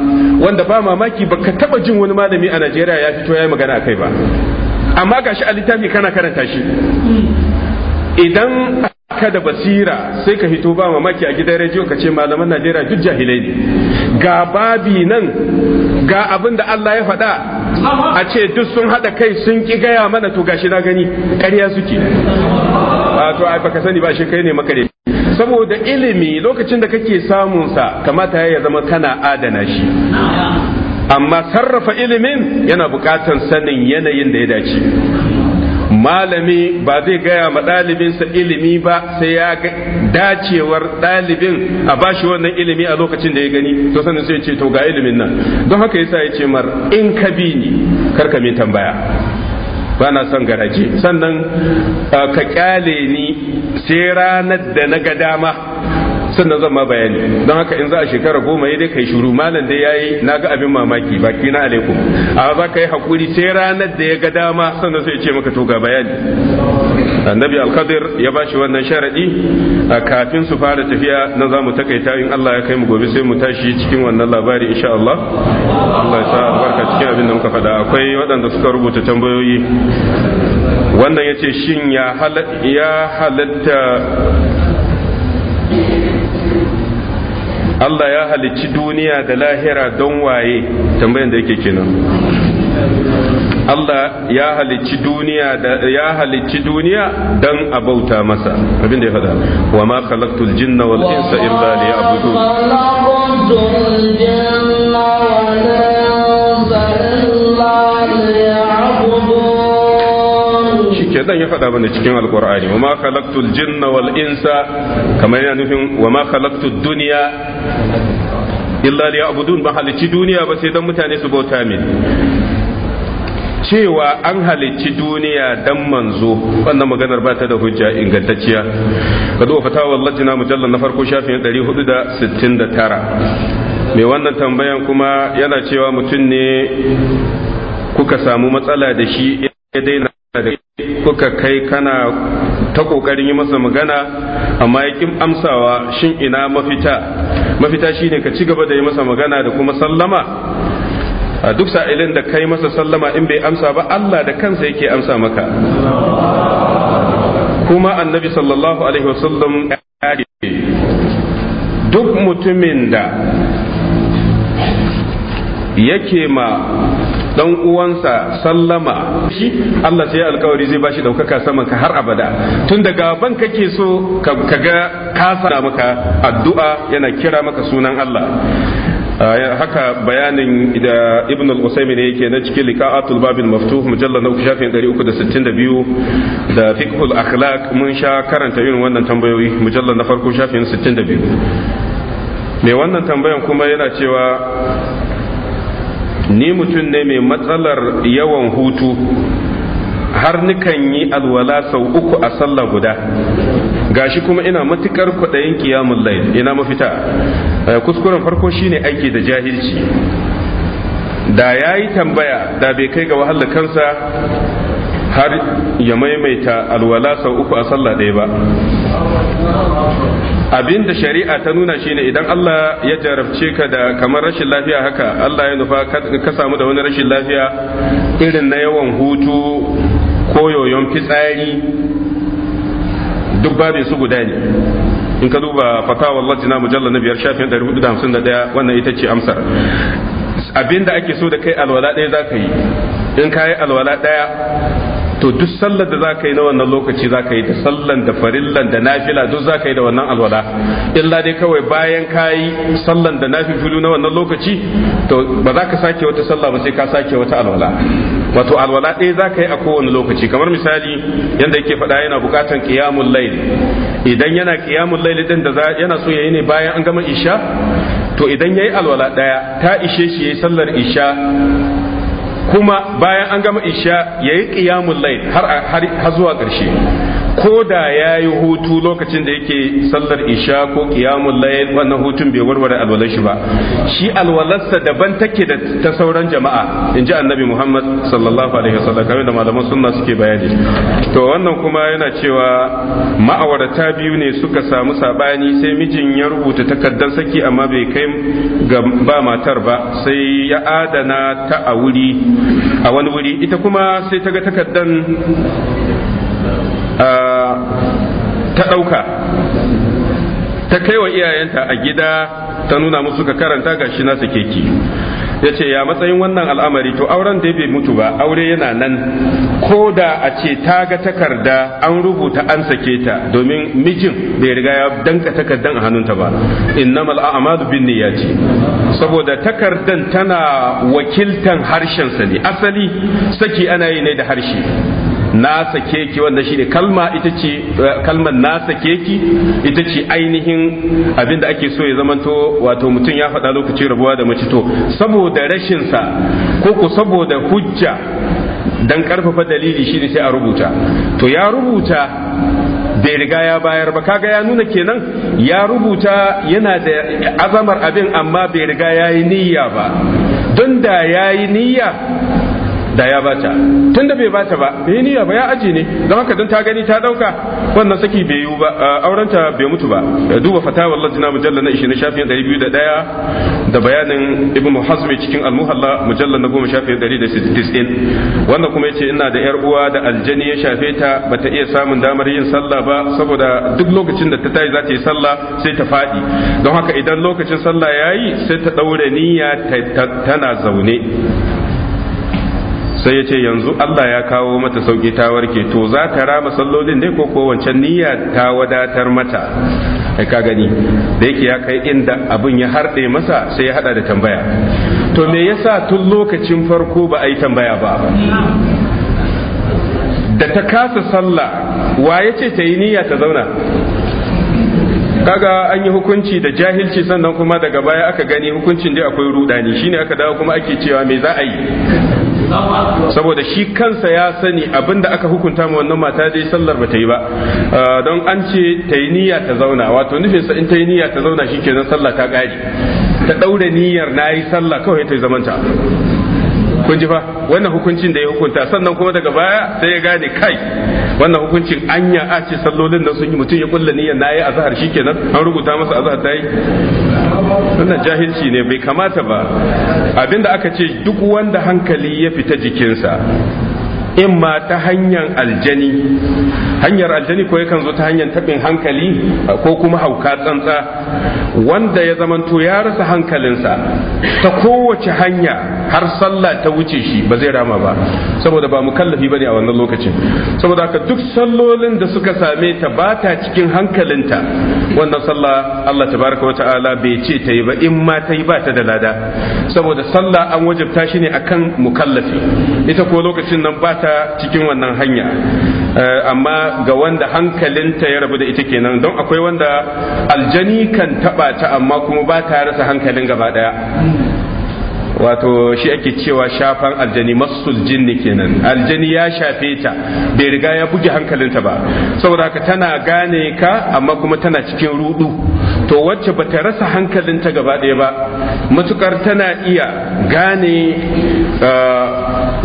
wanda ba mamaki baka taba jin wani malami a Najeriya ya fito yayi magana kai ba amma gashi a littafi kana karanta shi idan aka da basira sai ka hito ba mamaki a gidan rediyo ka ce malaman Najeriya duk jahilai ne ga babi nan ga abin da Allah ya faɗa a ce duk sun haɗa kai sun ki gaya mana to gashi na gani ƙarya suke to ai baka sani ba shi kai ne makare saboda ilimi lokacin da kake samun sa, kamata ya zama kana adana shi amma sarrafa ilimin yana bukatar sanin yanayin da ya dace malami ba zai gaya ma ɗalibinsa ilimi ba sai ya ga dacewar ɗalibin a bashi wannan ilimi a lokacin da ya gani to sanin sai ce to ga ilimin nan don haka yasa ya ce mar in ka bi ni kar ka mi tambaya ba na son garaje sannan uh, ka kyale ni sai ranar da na ga dama sannan zan ma bayani don haka in za a shekara goma ya dai kai shuru malam dai yayi ga abin mamaki baki na alaikum a za ka yi hakuri sai ranar da ya ga dama sannan sai ce maka to ga bayani annabi alkadir ya ba shi wannan sharadi a kafin su fara tafiya na za mu takaita in Allah ya kai mu gobe sai mu tashi cikin wannan labari insha Allah Allah ya sa albarka cikin abin da muka faɗa akwai waɗanda suka rubuta tambayoyi wannan ya ce shin ya halatta Allah ya halicci duniya da lahira don waye tambayan da yake kenan Allah ya halicci duniya da ya halicci duniya dan a bauta masa abin da ya faɗa wa ma khalaqtul jinna wal insa illa liya'budun shedan ya faɗa mana cikin alkur'ani Wama ma khalaqtul jinna wal insa kamar yana nufin wa ma khalaqtud dunya illa liya'budun ba halicci duniya ba sai dan mutane su bauta min cewa an halicci duniya dan manzo wannan maganar ba ta da hujja ingantacciya ka zo fatawa lajina mujallal na farko shafin 469 mai wannan tambayan kuma yana cewa mutum ne kuka samu matsala da shi ya daina da kuka kai kana ta kokarin yi masa magana amma ya kin amsawa shin ina mafita mafita shine ka ci gaba da yi masa magana da kuma sallama a duk sa'ilin da kai masa sallama in bai amsa ba Allah da kansa yake amsa maka kuma annabi sallallahu alaihi wasallam duk mutumin da yake ma dan uwansa sallama shi Allah sai alkawari zai bashi daukaka saman ka har abada tun daga ban kake so ka ga ka maka addu'a yana kira maka sunan Allah haka bayanin da ibn al-usaymi ne yake na cikin liqa'atul babil maftuh mujallal na shafin 362 da fiqhul akhlaq mun sha karanta irin wannan tambayoyi mujallal na farko shafin 62 mai wannan tambayan kuma yana cewa ni mutum ne mai matsalar yawan hutu har nikan yi alwala sau uku a sallah guda gashi kuma ina matukar kwaɗayin kiyamun lai ina mafita eh, kuskuren farko shine aiki da jahilci da ya yi tambaya da bai kai ga wahalar kansa har ya maimaita alwala sau uku a sallah ɗaya ba abin da shari'a ta nuna shine idan Allah ya jarabce ka da kamar rashin lafiya haka Allah ya nufa ka samu da wani rashin lafiya irin na yawan hutu ko yoyon fitsari duk babin su guda ne in ka duba fatawa Allah jina mujalla na biyar shafin 451 wannan ita ce amsar abin da ake so da kai alwala ɗaya za ka yi in ka yi alwala ɗaya to duk sallar da zaka yi na wannan lokaci zaka yi da sallan da farillan da nafila duk zaka yi da wannan alwala illa dai kawai bayan kayi sallan da nafilu na wannan lokaci to ba za ka sake wata sallah ba sai ka sake wata alwala wato alwala ɗaya za ka yi a kowane lokaci kamar misali yadda yake faɗa yana buƙatar ƙiyamun laili idan yana ƙiyamun laili ɗin da yana so ya yi ne bayan an gama isha to idan ya yi alwala ɗaya ta ishe shi ya yi sallar isha kuma bayan an gama isha yayi qiyamul layl har har zuwa ƙarshe ko da ya yi hutu lokacin da yake sallar isha ko kiyamun layin wannan hutun bai warware alwalar shi ba shi alwalarsa daban take da ta sauran jama'a in ji annabi muhammad sallallahu alaihi wasallam kamar da malaman sunna suke bayani to wannan kuma yana cewa ma'aurata biyu ne suka samu sabani sai mijin ya rubuta takardar saki amma bai kai ga ba matar ba sai ya adana ta a wuri a wani wuri ita kuma sai ta ga takardar ta ɗauka ta kai wa iyayenta a gida ta nuna musu ka karanta gashi na nasa keke ya ce ya matsayin wannan al'amari to auren da bai mutu ba aure yana nan ko da a ce ta ga takarda an rubuta an sake ta domin mijin bai riga ya danka takardan a hannunta ba inna mal'amadu bin ce saboda takardan tana wakiltan harshensa ne asali saki ana yi ne da harshe na sake ki wanda ne kalma ita ce eh, kalmar nasa sake ita ce ainihin abin da ake so ya zamanto wato mutum ya faɗa lokacin rabuwa da mace to saboda rashin sa ko ku saboda hujja dan karfafa dalili ne sai a rubuta to ya rubuta bai riga ya bayar ba kaga ya nuna kenan ya rubuta yana da azamar abin amma bai riga ya yi niyya ba don da ya yi niyya da ya bata tun da bai bata ba bai niyya ba ya aje ne don haka don ta gani ta dauka wannan saki bai yiwu ba aurenta bai mutu ba duba fatawar lajina mujalla na 20 shafin 201 da bayanin ibnu hazmi cikin almuhalla mujalla na 10 shafin 160 wannan kuma yace ina da yar uwa da aljani ya shafe ta bata iya samun damar yin sallah ba saboda duk lokacin da ta tayi za ta yi sallah sai ta fadi don haka idan lokacin sallah yayi sai ta daure niyya tana zaune sai ya ce yanzu Allah ya kawo mata sauki ta warke to za ta rama sallolin ne ko ko wancan niyya ta wadatar mata kai ka gani da yake ya kai inda abin ya harɗe masa sai ya hada da tambaya to me yasa tun lokacin farko ba a yi tambaya ba da ta kasa sallah wa ya ce ta yi niyya ta zauna kaga an yi hukunci da jahilci sannan kuma daga baya aka gani hukuncin dai akwai rudani shine aka dawo kuma ake cewa me za a yi saboda shi kansa ya sani abinda aka hukunta ma wannan mata dai sallar ba ta yi ba ah, don an ce ta yi niyya ta zauna wato nufinsa in ta yi niyya ta zauna shi kenan sallah ta ƙari ta ɗaure niyyar na yi sallah kawai ta zamanta kun fa wannan hukuncin da ya hukunta sannan kuma daga baya sai ya gane kai wannan hukuncin anya a ce sallolin da sun yi mutum ya kulla niyyar nayi azhar shikenan an rubuta masa azhar tayi wannan jahilci ne bai kamata ba abinda aka ce duk wanda hankali ya fita jikinsa in ma ta hanyar aljani hanyar aljani ko yakan zo ta hanyar taɓin hankali ko kuma hauka tsantsa wanda ya zamanto ya rasa hankalinsa ta kowace hanya har sallah ta wuce shi ba zai rama ba saboda ba mukallafi bane a wannan lokacin saboda haka duk sallolin da suka same ta ba ta cikin hankalinta wannan sallah Allah tabaraka wata'ala bai ce ta yi ba in ma ta yi ba ta da lada saboda sallah an wajabta shi ne akan mukallafi ita ko lokacin nan ba ta ta cikin wannan hanya eh, amma ga wanda hankalinta ya rabu da ita kenan don akwai wanda aljani kan taba ta amma kuma ba ta rasa hankalin gaba daya wato shi ake cewa shafan aljani masul jinni kenan aljani ya shafe ta bai riga ya buge hankalinta ba saboda haka tana gane ka amma kuma tana cikin rudu to wacce ba ta rasa hankalinta gaba ɗaya ba matukar tana iya gane eh,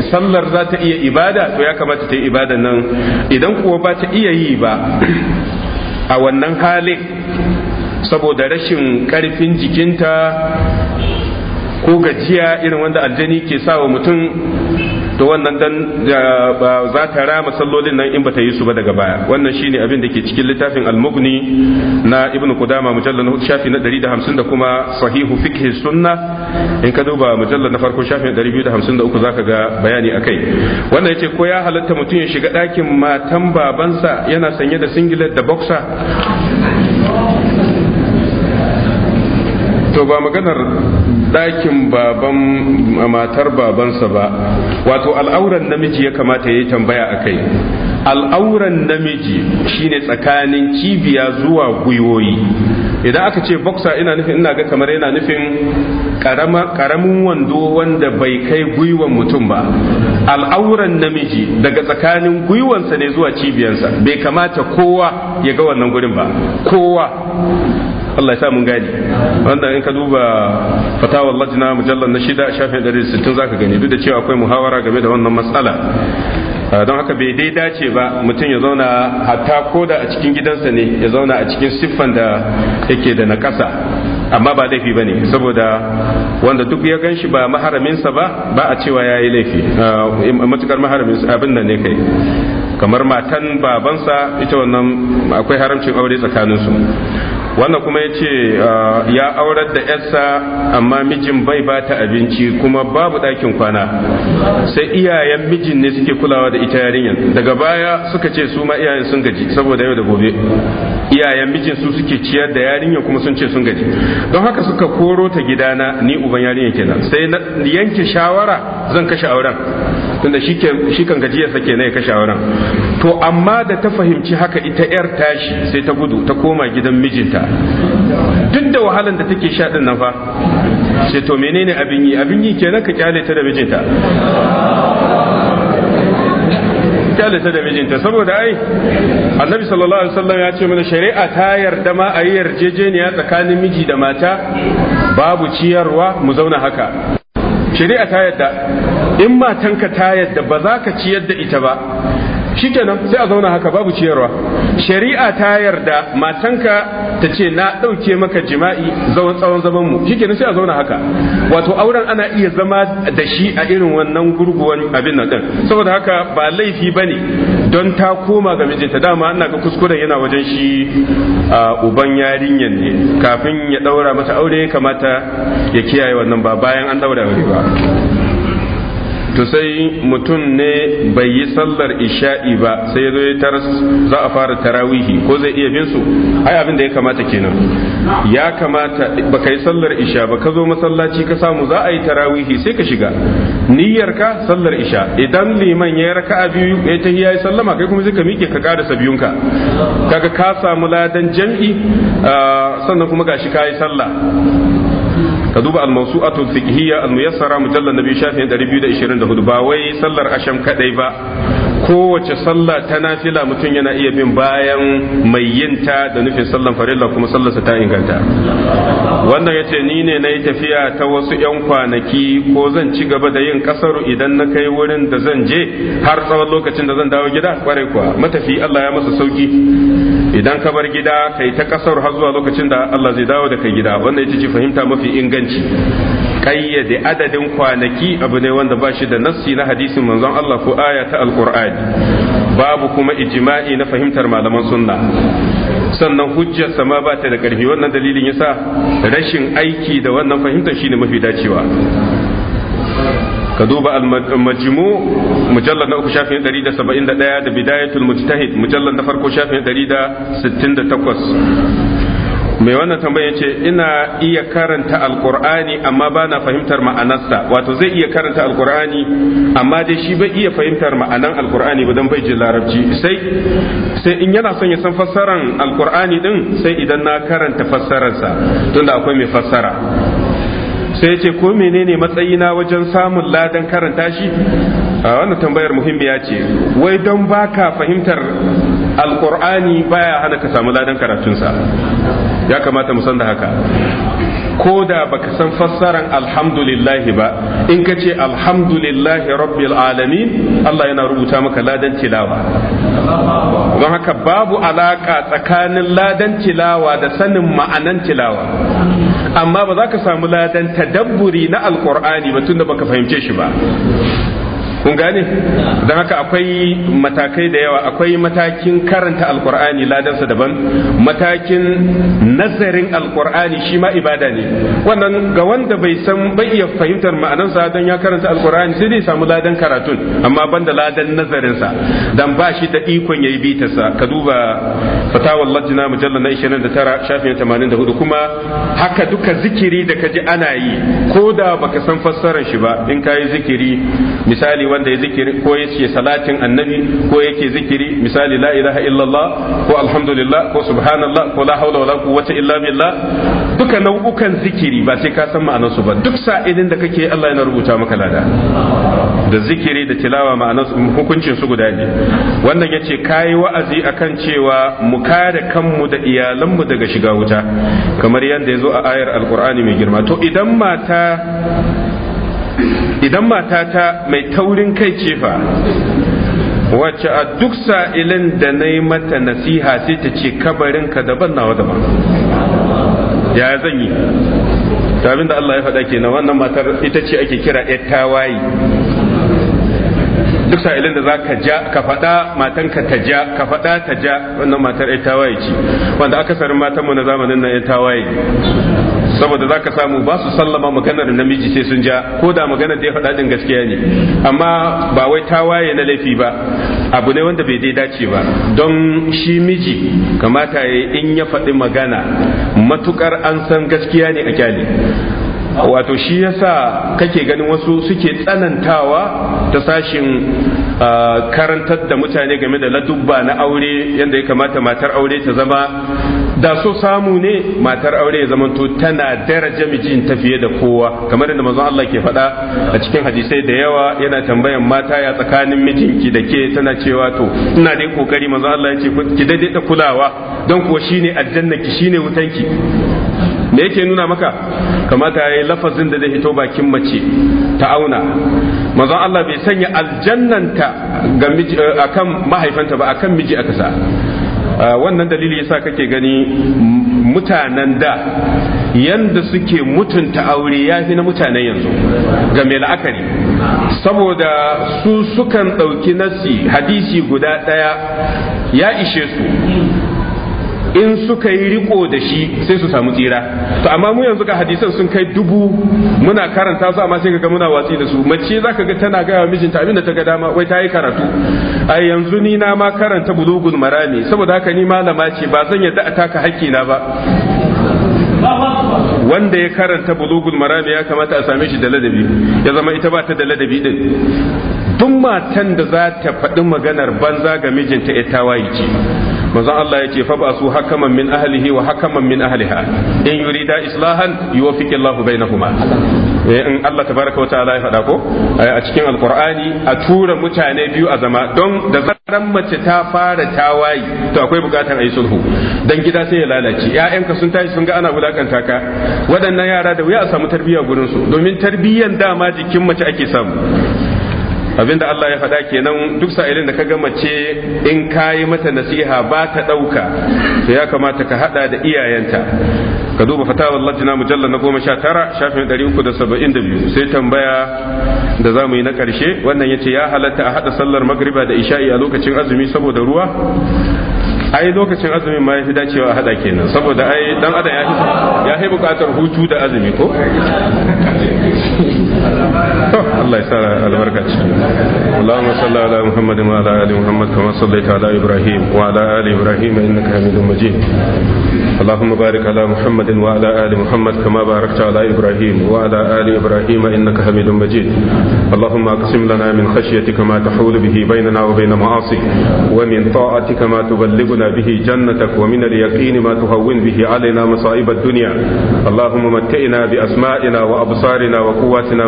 sallar za ta iya ibada to ya kamata ta yi ibada nan idan kuwa ba ta iya yi ba a wannan halin saboda rashin karfin jikinta ko gajiya irin wanda aljani ke sa wa mutum to wannan dan za ta rama sallolin nan in bata yi su ba daga baya wannan shine abin da ke cikin littafin al-mughni na ibnu kudama mujallal na shafi na 150 da kuma sahihu fiqh sunna in ka duba mujallal na farko shafi na 253 zaka ga bayani akai wannan yace ko ya halatta mutum ya shiga ɗakin matan babansa yana sanye da singlet da boxer to ba maganar ɗakin baban matar babansa ba wato al'auran namiji ya kamata ya yi tambaya a kai al'auran namiji shine tsakanin cibiya zuwa gwiwoyi idan aka ce boxer ina nufin ina ga kamar yana nufin karamin wando wanda bai kai gwiwan mutum ba al'auran namiji daga tsakanin gwiwansa ne zuwa cibiyansa bai kamata kowa ya ga wannan gurin ba kowa Allah ya sa mun gani wanda in ka duba fatawar lajina mujallar na shida a shafin 160 zaka gani duk da cewa akwai muhawara game da wannan matsala ah, don haka bai dai dace ba mutum ya zauna hatta ko da a cikin gidansa ne ya zauna a cikin siffan da yake da na ƙasa amma ba laifi ba ne saboda wanda duk ya gan shi ba maharaminsa ba ba a cewa ya yi laifi ah, matukar maharaminsa abin da ne kai kamar matan babansa ita wannan akwai haramcin aure tsakaninsu wannan kuma ya ce ah, ya aurar da yarsa amma mijin bai ba ta abinci kuma babu ɗakin kwana sai iyayen mijin ne suke kulawa da ita yarinyar daga baya suka ce su ma iyayen sun gaji saboda yau da gobe iyayen mijin su suke ciyar da yarinyar kuma sun ce sun gaji don haka suka koro ta gidana ni uban yarinyar kenan sai yanke shawara zan kashe auren tunda shi kan gajiyarsa kenan ya kashe auren to amma da ta fahimci haka ita yar tashi sai ta gudu ta koma gidan mijinta ta duk da wahalan da take sha din nan fa sai to menene abin yi abin yi kenan ka kyale ta da mijinta kyale ta da mijinta saboda ai annabi sallallahu alaihi wasallam ya ce mana shari'a ta yarda ma a yi yarjejeniya tsakanin miji da mata babu ciyarwa mu zauna haka shari'a ta yarda in matanka ta yarda ba za ka ciyar da ita ba shikenan sai a zauna haka babu ciyarwa shari'a ta yarda matanka ta ce na ɗauke maka jima'i tsawon zaman mu kenan sai a zauna haka wato auren ana iya zama da shi a irin wannan gurguwan abin nan din saboda haka ba laifi bane don ta koma ga mijinta dama ana ga kuskuren yana wajen shi uban yarinyar ne kafin ya ɗaura mata aure kamata ya kiyaye wannan ba bayan an ɗaura aure ba to sai mutum ne bai yi sallar isha'i ba sai zo ya taras za a fara tarawihi ko zai iya bin su ai abin da ya kamata kenan ya kamata baka yi sallar isha ba ka zo masallaci ka samu za a yi tarawihi sai ka shiga niyyar ka sallar isha idan liman ya raka'a biyu ya ta ya sallama kai kuma sai ka miƙe ka karasa biyunka kaga ka samu ladan jam'i ah, sannan kuma gashi ka yi sallah ka duba al-mawsu'atu al-fiqhiyya al-muyassara mujallal nabi shafin 224 ba wai sallar asham kadai ba kowace sallah ta nafila mutum yana iya bin bayan mai yinta da nufin sallan farilla kuma sallarsa ta inganta wannan ya ce ni ne na yi tafiya ta wasu 'yan kwanaki ko zan ci gaba da yin kasaru idan na kai wurin da zan je har tsawon lokacin da zan dawo gida kwarai kuwa matafi Allah ya masa sauki idan ka bar gida kai ta kasaru har zuwa lokacin da Allah zai dawo da kai gida wannan ya ce fahimta mafi inganci kayyade adadin kwanaki abu ne wanda ba shi da nassi na hadisin manzon Allah ko aya ta alqur'ani babu kuma ijma'i na fahimtar malaman sunna sannan hujjar sama ba ta da karfi wannan dalilin yasa rashin aiki da wannan fahimtar shine mafi dacewa ka duba al-majmu mujallal na uku shafin 171 da bidayatul mujtahid mujallal na farko shafin 168 mai wannan tambayar ce ina iya karanta alkur'ani amma ba na fahimtar ma'anarsa wato zai iya karanta alkur'ani amma dai shi bai iya fahimtar ma'anan alkur'ani ba don bai ji larabci sai sai in yana son ya san fassaran alkur'ani din sai idan na karanta fassararsa tunda akwai mai fassara sai ce ko menene matsayina wajen samun ladan karanta shi a wannan tambayar muhimmiya ce wai don baka fahimtar alkur'ani baya hana ka samu ladan karatunsa ya kamata mu san da haka ko da baka san fassaran alhamdulillah ba in ka ce alhamdulillah rabbil alamin Allah yana rubuta maka ladan tilawa don haka babu alaka tsakanin ladan tilawa da sanin ma'anan tilawa amma ba za ka samu ladan tadabburi na alkur'ani ba tunda baka fahimce shi ba kun gane don haka akwai matakai da yawa akwai matakin karanta alkur'ani ladansa daban matakin nazarin alkur'ani shi ma ibada ne wannan ga wanda bai san bai iya fahimtar ma'anansa don ya karanta alkur'ani sai dai samu ladan karatun amma banda ladan nazarinsa dan ba shi da ikon yayi bitarsa ka duba fatawar lajina mujallar na 29 shafin 84 kuma haka duka zikiri da kaji ana yi ko da baka san fassarar shi ba in ka yi zikiri misali wanda ya zikiri ko yake salatin annabi ko yake zikiri misali la ilaha illallah ko alhamdulillah ko subhanallah ko la haula wala quwwata illa billah duka nau'ukan zikiri ba sai ka san ma'anar su ba duk sa'ininda da kake Allah yana rubuta maka lada da zikiri da tilawa ma'anar hukuncin su guda ne wannan yace kai wa'azi akan cewa mu kare kanmu da iyalanmu daga shiga wuta kamar yadda ya zo a ayar alkur'ani mai girma to idan mata idan matata mai taurin kai ce fa wacce a duk sa'ilin da na yi mata nasiha sai ta ce kabarin ka daban nawa daban ya zan yi tabin da Allah ya faɗa na wannan matar ita ce ake kira ya tawayi duk sa'ilin da za ka ja ka faɗa matanka ta ja ka faɗa ta ja wannan matar ya tawayi ce wanda aka sarin matanmu na zamanin nan ya tawayi saboda za ka samu ba su sallama maganar namiji sai sun ja ko da maganar da ya faɗa din gaskiya ne amma ba wai ta waye na laifi ba abu ne wanda bai dai dace ba don shi miji kamata ya in ya faɗi magana matukar an san gaskiya ne a kyale wato shi yasa kake ganin wasu suke tsanantawa ta sashin ah, karantar da mutane game da ladubba na aure yadda ya kamata matar aure ta zama da so samu ne matar aure ya zamanto tana daraja mijin ta fiye da kowa kamar da mazan Allah ke faɗa a cikin hadisai da yawa yana tambayan mata ya tsakanin mijinki da ke tana cewa to ina dai kokari mazan Allah ya ce ki daidai ta kulawa don kuwa shine aljannaki shine wutanki me yake nuna maka kamata yayi lafazin da zai hito bakin mace ta auna manzon Allah bai sanya aljannanta ga miji eh, akan mahaifanta ba akan miji aka sa ah, wannan dalili yasa kake gani mutanen da yanda suke mutunta aure ya fi na mutanen yanzu ga mai la'akari saboda su sukan ɗauki nasi hadisi guda ɗaya ya ishe su in suka yi riko da shi sai su samu tsira to amma mu yanzu ka hadisan sun kai dubu muna karanta su amma sai ga muna watsi da su mace zaka ga tana gaya mijinta abin da ta ga dama wai ta yi karatu a yanzu ni na ma karanta bulugul marami saboda haka ni malama ce ba zan yadda a taka hakki na ba wanda ya karanta bulugul maram ya kamata a same shi da ladabi ya zama ita ba ta da ladabi din duk matan da za ta faɗi maganar banza ga mijinta ya tawaye ce manzon Allah ya ce fa ba su hakaman min ahlihi wa hakaman min ahliha in yurida islahan yuwaffiqu Allahu bainahuma eh, in Allah tabaraka wataala ya faɗa ko eh, a cikin alqur'ani a tura mutane biyu a zama don da zaran mace ta fara tawayi to akwai bukatar ayi sulhu dan gida sai ya lalace ƴaƴanka sun tashi sun ga ana wulakanta ka waɗannan yara da wuya a samu tarbiyya gurin su domin tarbiyyan dama jikin mace ake samu abinda Allah ya faɗa kenan duk sa'ilin da ka ga mace in kayi mata nasiha ba ta ɗauka to ya kamata ka haɗa da iyayenta ka duba fatawa lajina mujalla na goma sha tara shafin ɗari uku da saba'in da biyu sai tambaya da zamu yi na karshe wannan ya ce ya halatta a haɗa sallar magriba da isha'i a lokacin azumi saboda ruwa ai lokacin azumin ma yafi dacewa a hada kenan saboda ai dan adam ya fi bukatar hutu da azumi ko Allah ya sa albarka ci. Allahumma salli ala Muhammad wa ala ali Muhammad kama sallaita ala Ibrahim ala ali Ibrahim innaka bi asma'ina wa absarina wa quwwatina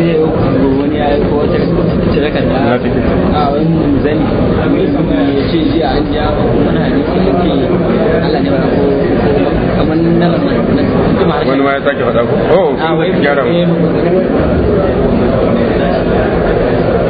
sai wani ya aiko wata cirakar da a wani zani ya ce ji an ja wani hadisi ya ce Allah ne ba ko kamar na wani ma ya sake faɗa ko? Oh, gyara mu. Eh,